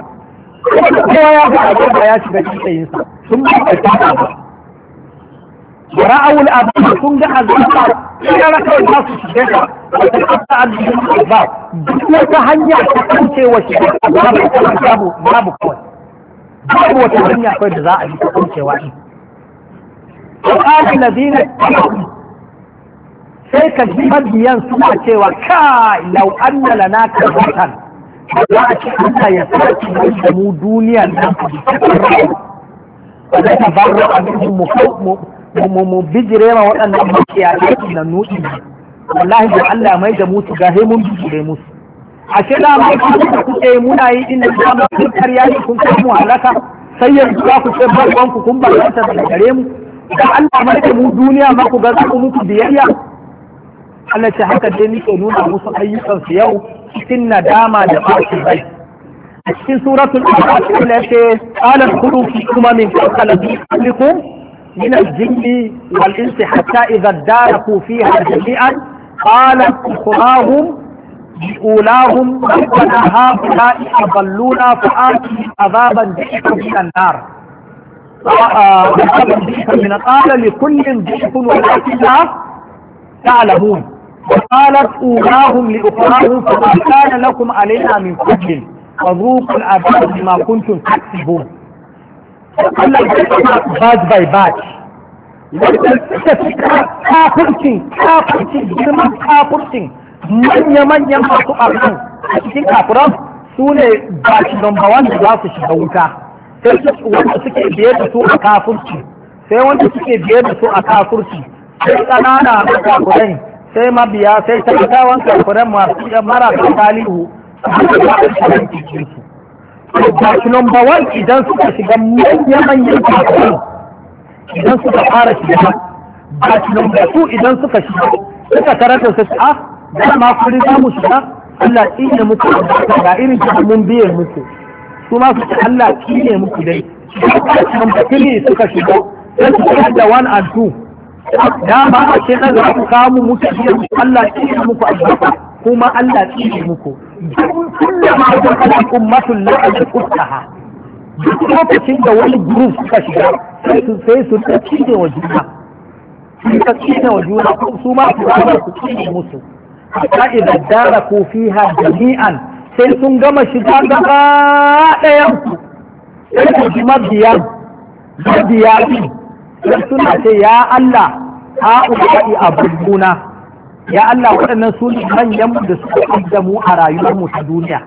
kowa ya ga abin da ya shiga cikin sa sun ba ka ta ba ra'awul abu sun ga azaba sun ga rakawar za su shige ka wata kasa aljihun azaba duk wata hanya ta kaucewa shige babu babu kawai babu wata hanya kawai da za a yi ta kaucewa ɗin. وقال الذين اتقوا sai ka ji mabiyan suna cewa ka lau anna lana zartan za a ce Allah ya sarki mai da mu duniya nan ba da ta Ba a mu mu bijire ma waɗannan makiya da na nuɗi wallahi da Allah mai da mu su gahe mun bijire musu a ce da mai kuma kuke muna yi inda da mu kun karya ne kun kai mu halaka sai yanzu za ku ce babban ku kun ba ta da gare mu da Allah mai da mu duniya ma ku ga ku mutu biyayya Allah ce haka dai nike nuna musu ayyukansu yau cikin nadama da ɓacin rai a cikin suratul araf Allah yake qala khulu fi umamin qad khalaqakum min al-jinni wal insi hatta idha daraku fiha jami'an qala ukhrahum أولاهم ربنا هؤلاء أضلونا فآتهم عذابا ضعفا من النار عذابا ضعفا من النار لكل ضعف ولكن لا تعلمون وقالت أولاهم لأخراهم فقد كان لكم علينا من فضل فذوقوا العذاب بما كنتم تكسبون bad by باج kafircin kafircin girman kafircin manya-manyan masu a cikin kafiran su ne ba shi za su shiga wuta sai wanda suke biye da su a kafirci sai wanda suke biye da su a kafirci sai ƙanana a kafirai sai mabiya sai ta wanka kafiran masu marasa talihu ba shi nomba one idan suka shiga manya-manyan kafiran idan suka fara shiga ba shi number two idan suka shiga suka karanta su a ah, dama kuri za mu shiga Allah ne muku ga irin mun biye muku su ma su ce Allah ne muku dai ba shi number three suka shiga sai su da one and two dama a ce na za ku kamu muku iya Allah ki muku albarka kuma Allah ki muku kullama ku kana masu la al-qutaha duk lokacin da wani group suka shiga sai su sai su tafi da wajuna suka kina wa juna su ma su ba su kina musu hatta idan dara ku fiha jami'an sai sun gama shiga gaba ɗayan ku sai su ji mabiya mabiya don suna ce ya Allah a ubai ya Allah waɗannan su ne manyan mu da suka da mu a rayuwar ta duniya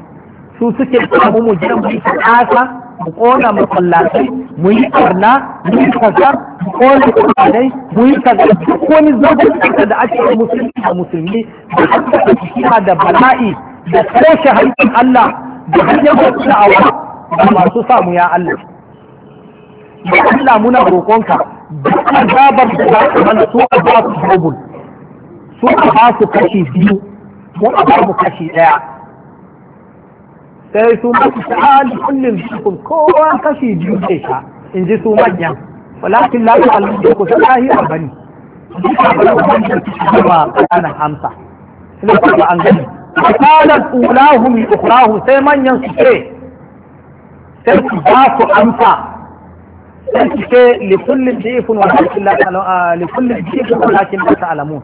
su suke samu mu je mu yi ta'asa mu kona masallatai mu yi karna mu yi kazar mu kona kudanai mu yi kazar duk wani zaɓin da ake yi musulmi da musulmi da haka da da bala'i da toshe haƙƙin Allah da hanyar wasu da'awa da masu samu ya Allah. Ya Allah muna roƙonka duk azabar da za su mana su a ba su su a ba kashi biyu su a ba mu kashi ɗaya sai su masu sha'ani kullum biyu kowa kashi biyu zai sha in ji su manyan walakin ku ta alu da kusa lahira bane duka ba wannan da ba kanan amsa ina ba an gani kalan ulahum ukhrahum sai manyan su ce sai su ba su amsa sai ki ce likullin jifin walakin la likullin jifin walakin la ta'lamun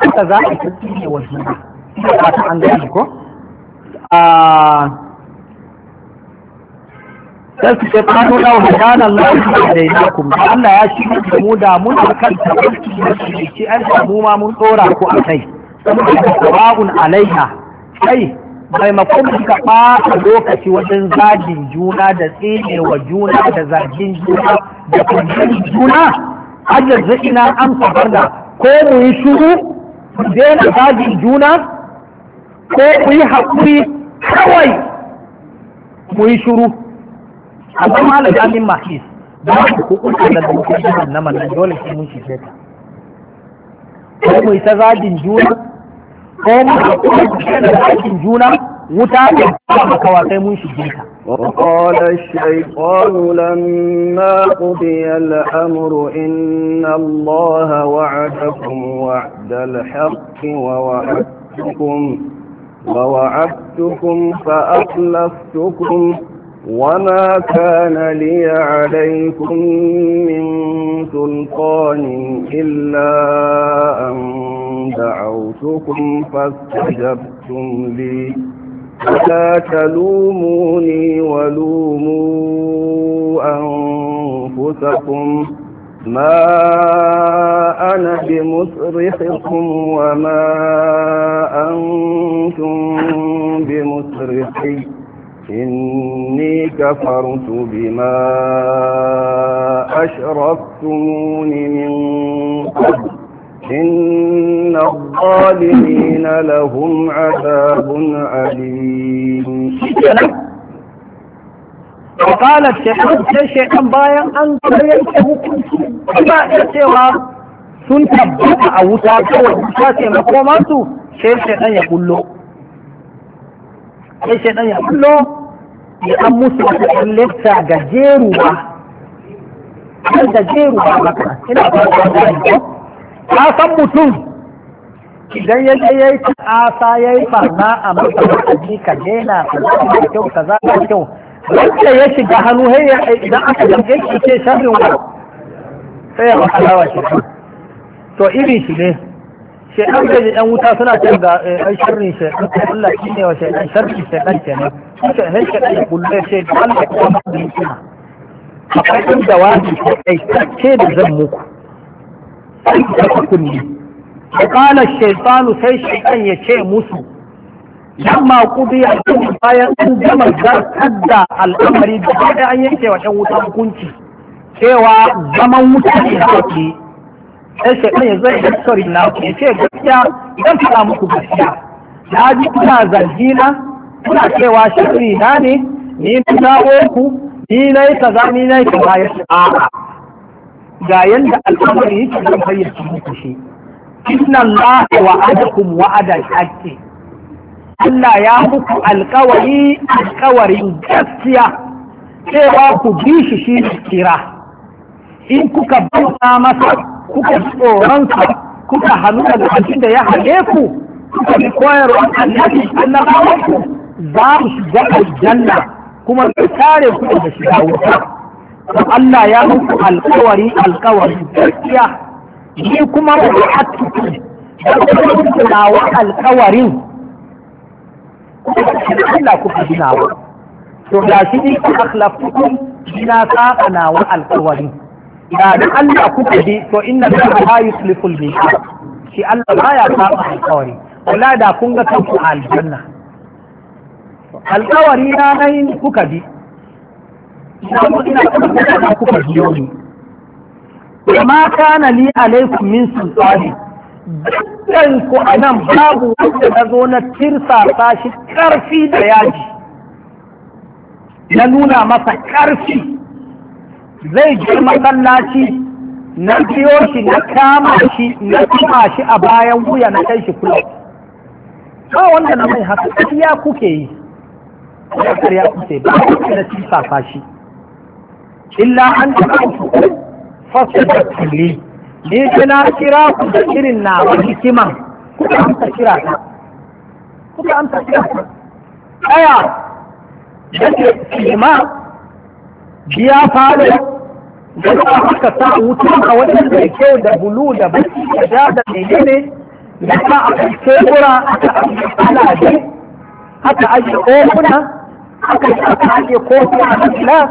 haka za a ta tsine wa juna ba ta an gani ko a ta su ce kanu wa hukana Allah da ya kuma Allah ya shi da mu da mun da kan ta tabbaci da shi an samu ma mun tsora ku a kai saboda ba'un alaiha kai maimakon ka ɓata lokaci wajen zagin juna da tsinewa juna da zargin juna da kundin juna hajjar zaki na amsa da ko mu yi shuru mu daina zagin juna ko mu yi haƙuri kawai mu yi shuru a zama da jami'in mahis ba ku kukunta da dukkan na manan dole sai mun shi ta ko mu yi ta zagin juna ko mun da aikin juna wuta mun وقال الشيطان لما قضي الأمر إن الله وعدكم وعد الحق ووعدتكم ووعدتكم فأخلفتكم وما كان لي عليكم من سلطان إلا أن دعوتكم فاستجبتم لي فلا تلوموني ولوموا أنفسكم ما أنا بمصرخكم وما أنتم بمصرخي إني كفرت بما أشرفتمون من قبل إن الظالمين لهم عذاب أليم وقالت شيخان شيخان بايا أن تبينت هكذا ba cewa sun tabbata a wuta kawai wuta ce makomansu sai sai ya kullo ya an musu wata ɗan lefta ga jeru jeruwa har da jeruwa maka ina ba ta san mutum idan ya je yi ta'asa yayi farna a masallaci ka daina ka zama kyau ka zama kyau wanda ya shiga hannu hayya idan aka yanke shi ke sharrin wa sai ya halawa shi to iri shi ne shi an gaji yan wuta suna can ga eh, sharrin shi Allah shi ne wa shi sharrin shi dan kenan haka sai ka ɗaya kullum sai da Allah ku amma da mutuna akwai ɗan jawabi ko ɗaikace da zan muku sai ku saka kunni ya ƙala shaitanu sai shaitan ya ce musu a cikin bayan an gama zartar da al'amari da sai an yanke wa ɗan wuta hukunci cewa zaman wuta ne kake sai shaitan ya zai da sorry na ku ya ce gaskiya idan faɗa muku gaskiya na ji kuna zargina kuna cewa shirri na ne ni ta dawo ku ni na yi kaza ni na yi kaza ya a ga yanda al'amari yake zan fayyace muku shi inna Allah wa wa'adal haqqi Allah ya muku alkawari alkawarin gaskiya cewa ku bi shi shi kira in kuka bauta masa kuka tsoronsa kuka hannu da da ya hane ku kuka bi koyarwa annabi annabawanku za mu shiga aljanna kuma zai kare ku da shiga wuta to Allah ya muku alƙawari alkawari gaskiya ni kuma ba da hakki da alƙawarin. alkawarin Allah ku fi nawa to da shi ni ku akhlafukum ina saka wa alkawari da da Allah ku bi to inna la yusliful miqat shi Allah ya saba alkawari wala da kun ga kanku aljanna alkawari na nan kuka bi ina kuka biyo ni kana li alaikum min sultani dukkan ku anan babu wanda na zo na tirsasa shi karfi da yaji na nuna masa karfi zai je masallaci na biyo shi na kama shi na kuma shi a bayan wuya na kai shi kula ba wanda na mai haka ya kuke yi ya ba a da shi illa an ta kawo fasa da kalli. ne ta na kira ku da irin na hikima kuka amsa kira ta kuka amsa kira ta ɗaya da ke kima biya falo da za haka sa wuta a wajen da kyau da bulu da baki da ja da menene da sa a kan tebura aka ajiye alaji aka ajiye aka aka haɗe kofi a nan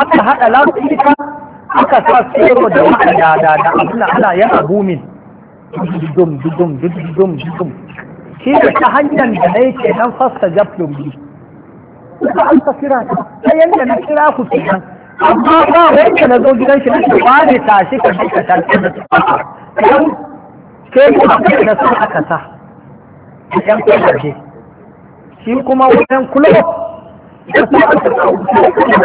aka haɗa lafiya aka sa tsero da da da da abin ana yana bumin dudum dudum dudum dudum shi ne ta hanyar da na yake nan fasta jafin bi suka an ta kira ta Ta yadda na kira ku nan amma ba wanda na zo gidan shi na ce ba ne tashi ka ka tashi ta kira ta sai ku na sun aka sa yan kwanaje shi kuma wajen kulob da su aka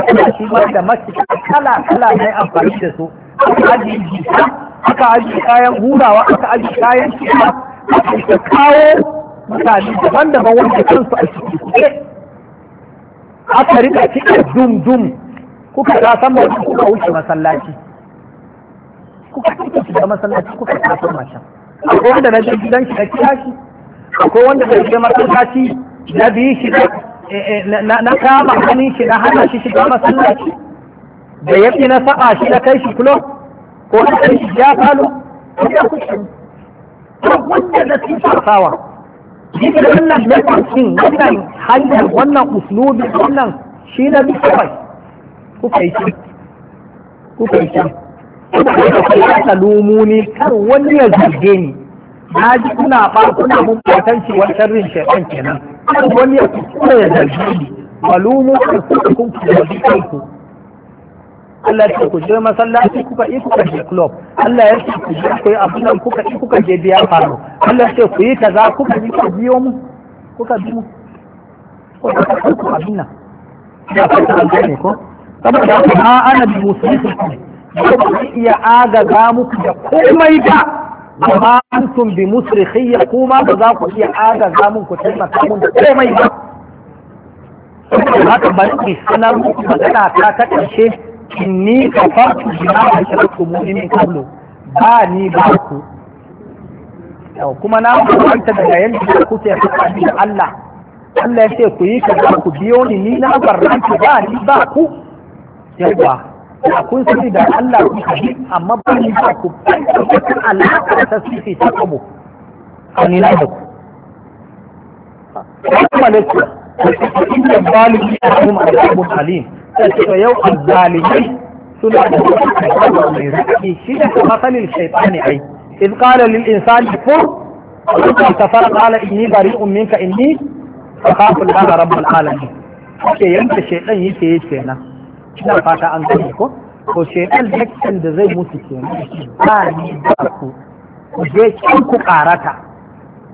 kuma shi ma da masu kala kala mai amfani da su aka aji jita aka aji kayan hurawa aka aji kayan kima aka kawo mutane daban-daban wanda kansu a ciki kuke aka rika cikin dum-dum kuka ta san mutum kuka wuce masallaci kuka kuka shiga masallaci kuka ta san mashan akwai wanda na je gidan shi na kira shi akwai wanda da je masallaci na biyu shi Eh, eh, na kama hannun shi na hana shi shiga masallaci da ya fi na saba shi na kai shi kulo ko na kai shi ya falo ko ya wanda na fi sarfawa shi da wannan lakwancin wannan hanyar wannan uslubi wannan shi na bi kawai kuka yi shi kuka yi shi kuka yi shi kuka yi shi yi shi kuka yi na ji kuna ba kuna mun kwatanci wani sharrin shaitan kenan wani ya kuna ya zargi ni malumu ku kuka kun ku zargi kanku Allah ya ku je masallaci kuka yi kuka je club Allah ya ku je ku yi abin nan kuka yi kuka je biya faro Allah ya ku yi kaza kuka yi ku biyo mu kuka bi mu ko ka ku abin nan ya fata an gane ko saboda ma ana bi musulmi ne ba iya agaga muku da komai ba ma antum bi musrikhiyya kuma ba za ku iya agaza mun ku taimaka mun da komai ba haka ba ni sanar muku magana ta ta karshe inni kafartu bima ashrakum min qablu ba ni ba ku kuma na kwanta daga yanda kuke faɗi da Allah Allah ya ce ku yi kaza ku biyo ni ni na barranci ba ni ba ku yawa da kun sani da Allah ku sani amma ba ni ba ku alaka ta tasiri ta kabo a ni na da ku kuma ne ku inda balibi a kuma da abu halin da ta yau a zalibi suna da suka kawo mai raki shi da kuma sanin shaitani ai in kala lil'insan da ku Allah ta fara kala inni bari umminka inni fa kafin kala rabbul alamin ke yanda shaitan yake yake na. ina fata an gani ko ko shekan dakkan da zai mutu ke ba ni ba ku ku je can ku karata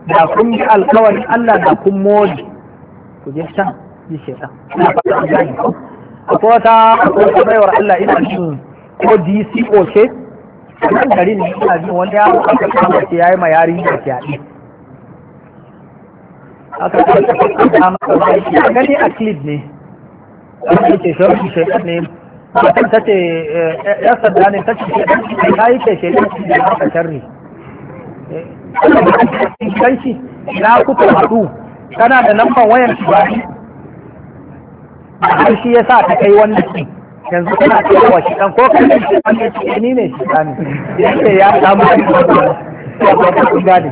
da kun yi alkawarin Allah da kun moli ku je can yi shekan ina fata an gani ko akwai wata akwai baiwar Allah ina shi ko DCO ce nan garin ne ina jin wanda ya aka kama ce yayi ma yarinya fyaɗe aka kama ce ya gani a clip ne wanda yake shawar shaitan ne ta ce ya sadda ne ta ce ta yi ce shi ne haka sharri kan shi na kuka haɗu kana da namban wayar shi ba a shi ya sa ta kai wannan shi yanzu kana ce wa shi dan ko kan shi an ne shi eh, ni ne shi dan yake ya samu shi ba ta gane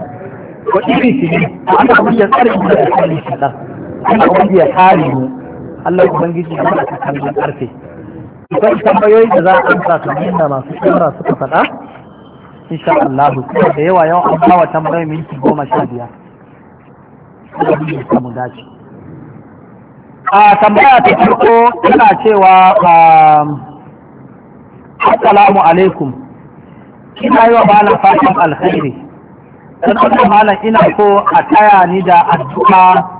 ko iri shi ne aka mun ya tsare shi da shi dan aka mun ya kare mu Allah ubangiji ya mana kallon karfe akwai tambayoyi da za a amsa ta yadda masu shawara suka faɗa insha Allah kuma da yawa yawan an bawa tambayoyi minti goma sha biyar samu dace a tambaya ta farko tana cewa um, assalamu alaikum Kina yi wa malam fatan alkhairi sannan malam ina so a taya ni da addu'a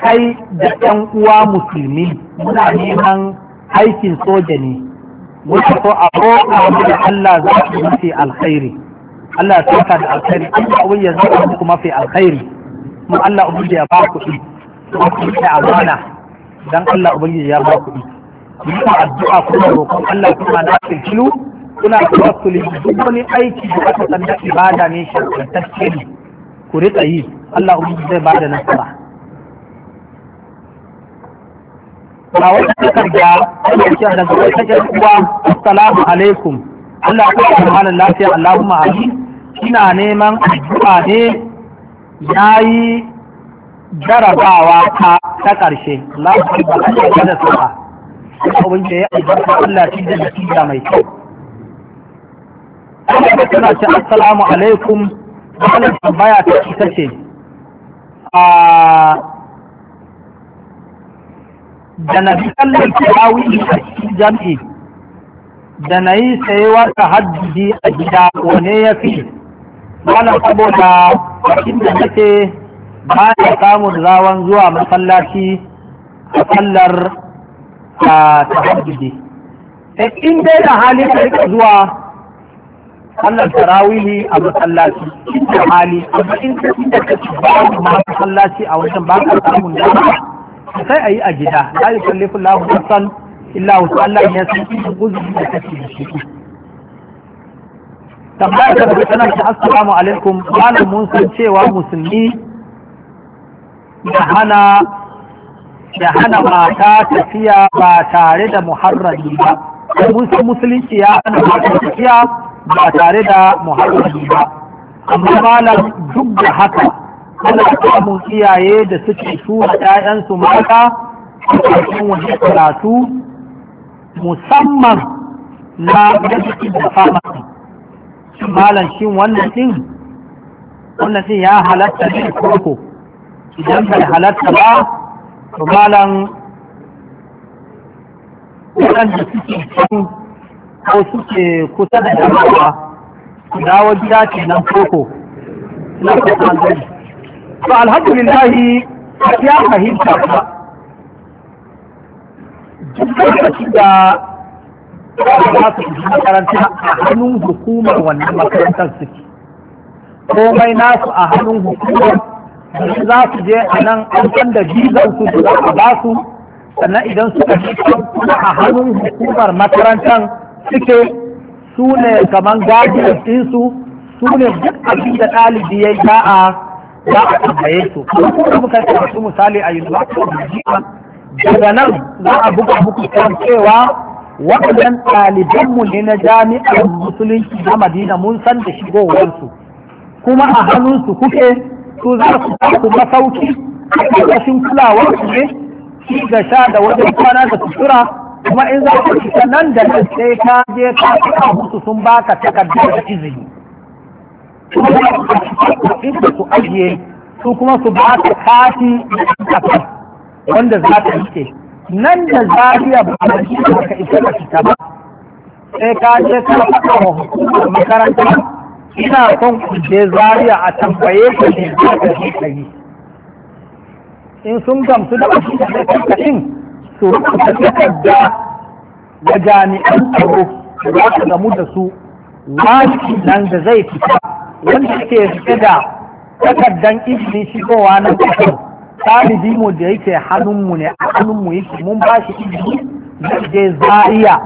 kai da ɗan uwa musulmi muna neman aikin soja ne wata ko a roƙa mu da Allah za ku mafi alkhairi Allah ya saka da alkhairi Allah ubin ya zama muku mafi alkhairi mu Allah ubin ya ba ku ɗi ba ku ɗi amana dan Allah ubin ya ba ku ɗi ka addu'a kuma roƙon Allah kuma na filfilu kuna tawassuli duk wani aiki da aka ibada ne shirkantacce ne ku riƙa yi Allah ubin zai ba da nasara ba wata takarda wanda ke daga wata ƴan uwa assalamu alaikum Allah ya kuma halin lafiya Allahumma amin ina neman addu'a ne yi jarabawa ta ta ƙarshe Allah ya ba Allah da sa'a abin da ya albarka Allah shi da natija mai kyau Allah tana ce assalamu alaikum wannan tambaya ta ita ce a ah, da na bi kallon tarawih a cikin jam'i da na yi ta haddi a gida wane ya fi wannan saboda cikin da nake ba ya samun zawon zuwa masallaci a sallar a tahajjudi eh, in dai da hali ka rika zuwa sallar tarawihi a masallaci in da hali a in ka masallaci a wajen ba ka samun dama sai a yi a gida la yukallifu Allahu nafsan illa wasu Allah ya san shi uzuri da kake da shi tambaya ta daga sanar da assalamu alaikum malam mun san cewa musulmi ya hana ya hana mata tafiya ba tare da muharrami ba mun san musulunci ya hana mata tafiya ba tare da muharrami ba amma malam duk da haka kana samun iyaye da suke tura ‘ya'yansu mata a cikin waje karatu musamman na medicine da famasi. malam shi wannan din wannan din ya halatta ne koko idan bai halatta ba to malam waɗanda suke can ko suke kusa da jama'a dawo gida ke nan koko na kusa gari to alhamdulillahi ya fahimta ba lokacin da za su fi makaranta a hannun hukumar wannan makarantar suke komai nasu a hannun hukumar za su je a nan an san da bizar su da za a ba su sannan idan suka je kuma a hannun hukumar makarantar suke su ne kamar gajiyar ɗinsu su ne duk abin da ɗalibi ya yi a za a tambaye su kuma muka karatu misali a yanzu daga nan za a buga muku kan cewa waɗannan ɗalibanmu ne na jami'ar musulunci na madina mun san da shigowarsu kuma a hannunsu kuke su za su ku masauki a ƙarƙashin kulawar su ne shi ga sha da wajen kwana da sutura kuma in za ku fita nan da nan sai ka je ka faɗa musu sun baka takardar izini inda su ajiye su kuma su ba ka kati wanda za ka rike nan da zariya ba a yi da ka isa da fita ba sai ka je ka faɗa wa makaranta ina son ku je zariya a tambaye ka ne za ka je ka yi in sun gamsu da wasu da kankanin su rubuta takarda da jami'an tsaro da za ka gamu da su wajibin nan da zai fita wanda ke fita da takardan izini shigowa na kasar talibi mu da yake hannunmu ne a hannunmu yake mun ba shi izini zai je zariya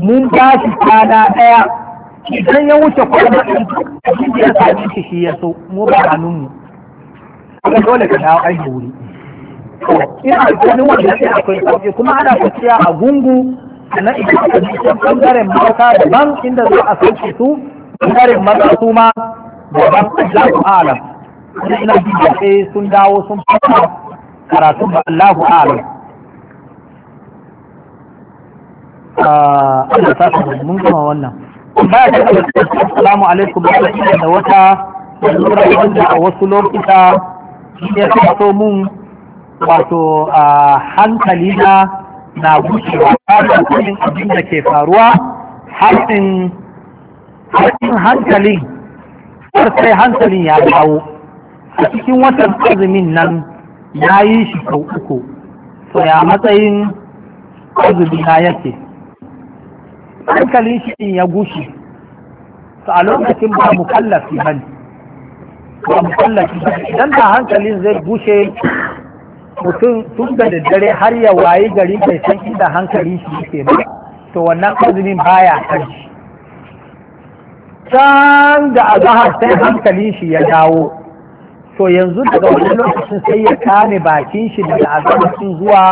mun ba shi kwana ɗaya idan ya wuce kwana ɗin da ya sami shi shi ya so mu ba hannunmu aka dole ka dawo aiki wuri ina ganin wanda akwai sauki kuma ana tafiya a gungu sannan ita bangaren mata daban inda za a sauke su bangaren mata su ma daban Allahu alam kuma ina jin da sai sun dawo sun fara karatun ba Allahu alam ah, Allah ta sa mun gama wannan baya da assalamu alaikum wa rahmatullahi da wata lura wanda a wasu lokuta shi ne so mun wato ah, hankali na na gushewa ba kudin abin da ke faruwa haɗin hankalin har sai hankalin ya dawo a cikin watan azumin nan ya yi shi sau uku to ya matsayin azumi na yake hankalin shi ya gushe to a lokacin ba mukallafi ba ne ba mukallafi ba idan da hankalin zai gushe mutum tun da daddare har ya wayi gari bai san inda hankali shi yake ba to wannan azumin baya kan shi can da azahar sai hankali shi ya dawo to yanzu daga wani lokacin sai ya kame bakin shi daga azahar zuwa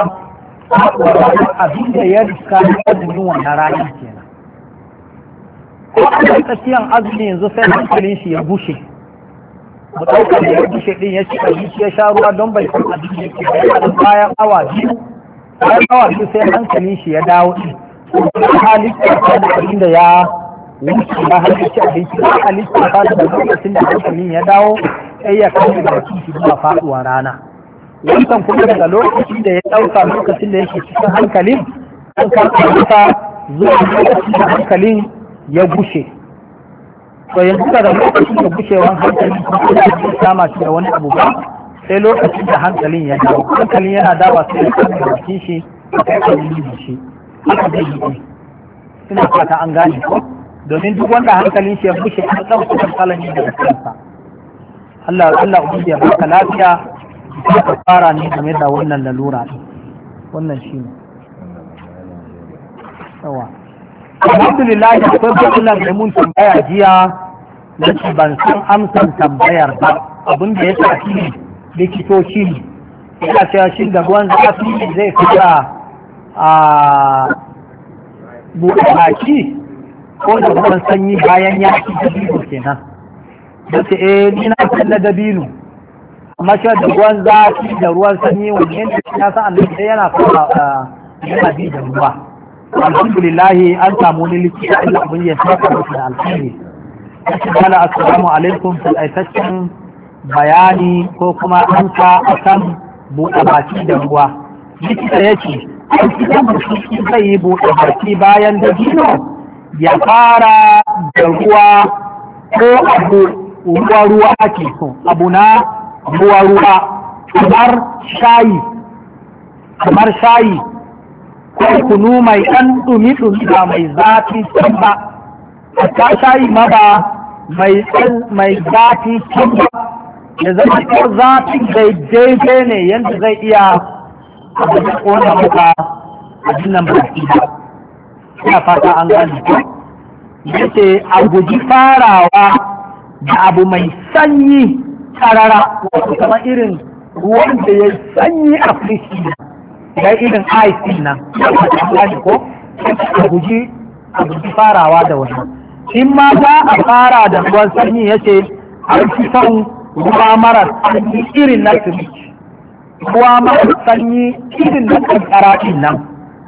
abin da ya riska azumin wannan rana kenan ko a tsakiyar azumin yanzu sai hankalin shi ya bushe mu ɗauka da ya bushe ya shiga jiki ya sha ruwa don bai san abin da yake da bayan awa biyu bayan awa biyu sai hankalin shi ya dawo ɗin halitta ta da abin da ya wuce ya halitta abinci ya halitta ta da lokacin da hankalin ya dawo sai ya kai da shi zuwa faɗuwa rana wancan kuma daga lokacin da ya ɗauka lokacin da yake cikin hankalin an karɓa zuwa lokacin da hankalin ya bushe to yanzu daga lokacin da gushewan hankali kuma sama shi da wani abu ba sai lokacin da hankalin ya dawo hankalin yana dawa sai ya kama jikin shi a yi shi haka zai yi suna fata an gane ko domin duk wanda hankalin shi ya bushe an ɗauka matsalani da kansa Allah Allah ubangiji ya baka lafiya ka fara ne game da wannan lalura wannan shi ne yawa alhamdulillah akwai bukulan da mun tambaya jiya da shi ban san amsar tambayar ba abin da ya shafi likitoci ne ina cewa shi da ruwan zafi zai fara a buɗe baki ko da ruwan sanyi bayan ya ci dabino kenan da ce eh ni na san na dabino amma cewa da ruwan zafi da ruwan sanyi wani yanzu na san annabi yana fara yana bi da ruwa alhamdulillahi an samu wani likita Allah abin ya saka da alfahari assalamu assalamu alaikum tsaitaccen bayani ko kuma an sa akan buɗe baki da ruwa likita ya ce mutum zai yi buɗe baki bayan da gino ya fara da ruwa ko abu ruwa ruwa ake so abu na ruwa ruwa kamar shayi kamar shayi ko kunu mai ɗan ɗumi ɗumi ba mai zafi can ba a ta yi ma ba mai zafi can ba ya zama ko zafi zai daidai ne yadda zai iya a da ƙona maka a jinnan baki ba ina fata an gani ce a guji farawa da abu mai sanyi tarara wato kamar irin ruwan da ya sanyi a firiji da irin ice nan ya ko a guji a guji farawa da wannan in ma za a fara da ruwan sanyi ya ce a fi son ruwa mara sanyi irin na firiji ruwa mara sanyi irin na kankara din nan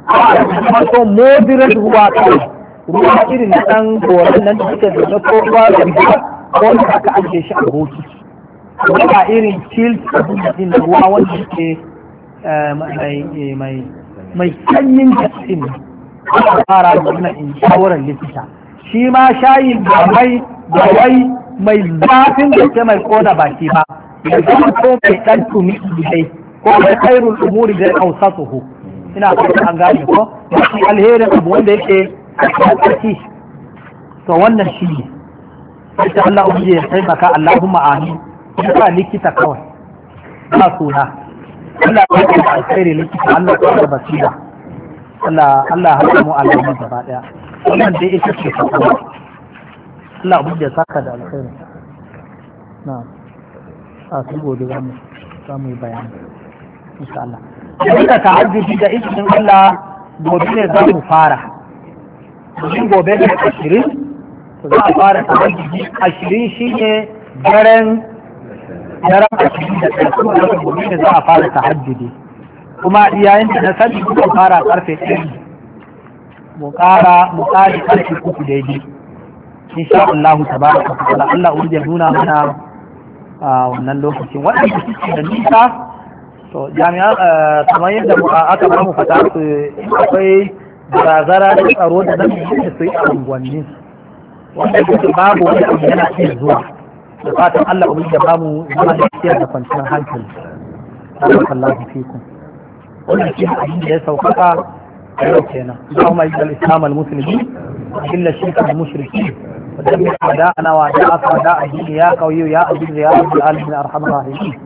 a kuma so moderate ruwa kawai ruwa irin na ɗan gori nan da suke da ko ruwa da ruwa ko da aka ajiye shi a hoki ba irin chilled abin da ruwa wanda ke Eh, eh, mai mai sanyin fara da wannan likita shi ma shayin da mai da wai mai zafin gaske mai kona baki ba da ko mai dan tumi dai ko da khairul umuri da ausatuhu ina fata an gane ko shi alherin abu wanda yake a cikin to wannan shi ne sai Allah ubangiji ya taimaka Allahumma amin ka likita kawai ba suna Allah ya yi alkhairi likita Allah ya da basira Allah Allah ya mu alamu gaba daya wannan dai ita ce fatawa Allah abu da saka da alkhairi na a su gobe za mu za mu yi bayani insha Allah duka ta'ajjubi da izinin Allah gobe ne za mu fara domin gobe ne ashirin za a fara ta'ajjubi ashirin shine daren daren ashirin da ɗaya kuma da gobe ne za a fara tahajjudi kuma iyayen da na sani kuka fara karfe ɗaya mu ƙara mu ƙari karfe uku daidai insha Allah tabaraka wa ta'ala Allah urje nuna mana wannan lokacin waɗanda suke da nisa to jami'an kamar yadda aka ba mu fata su akwai barazara da tsaro da nan da su yi a unguwanni wanda babu wani abu yana iya zuwa da fatan Allah ubi da bamu zama lafiya da kwanciyar hankali barakallahu fikum wannan shi abin da ya saukaka a yau kenan Allahumma ijal islam al muslimin illa shirka al mushrikin ودمر أعداءنا وأعداءك وأعداء الدين يا قوي يا عزيز يا رب العالمين أرحم الراحمين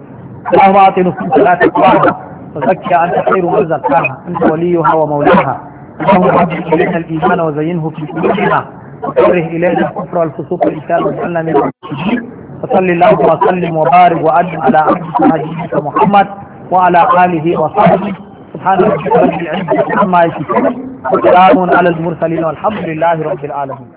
اللهم أعط نفوسنا لا تقواها وزكي أنت خير من زكاها أنت وليها ومولاها اللهم رب إلينا الإيمان وزينه في قلوبنا وكره إلينا الكفر والفسوق والإسلام واجعلنا من المسلمين فصل الله وسلم وبارك وأدم على عبدك نبيك محمد وعلى آله وصحبه سبحان ربك رب العزة عما يصفون وسلام على المرسلين والحمد لله رب العالمين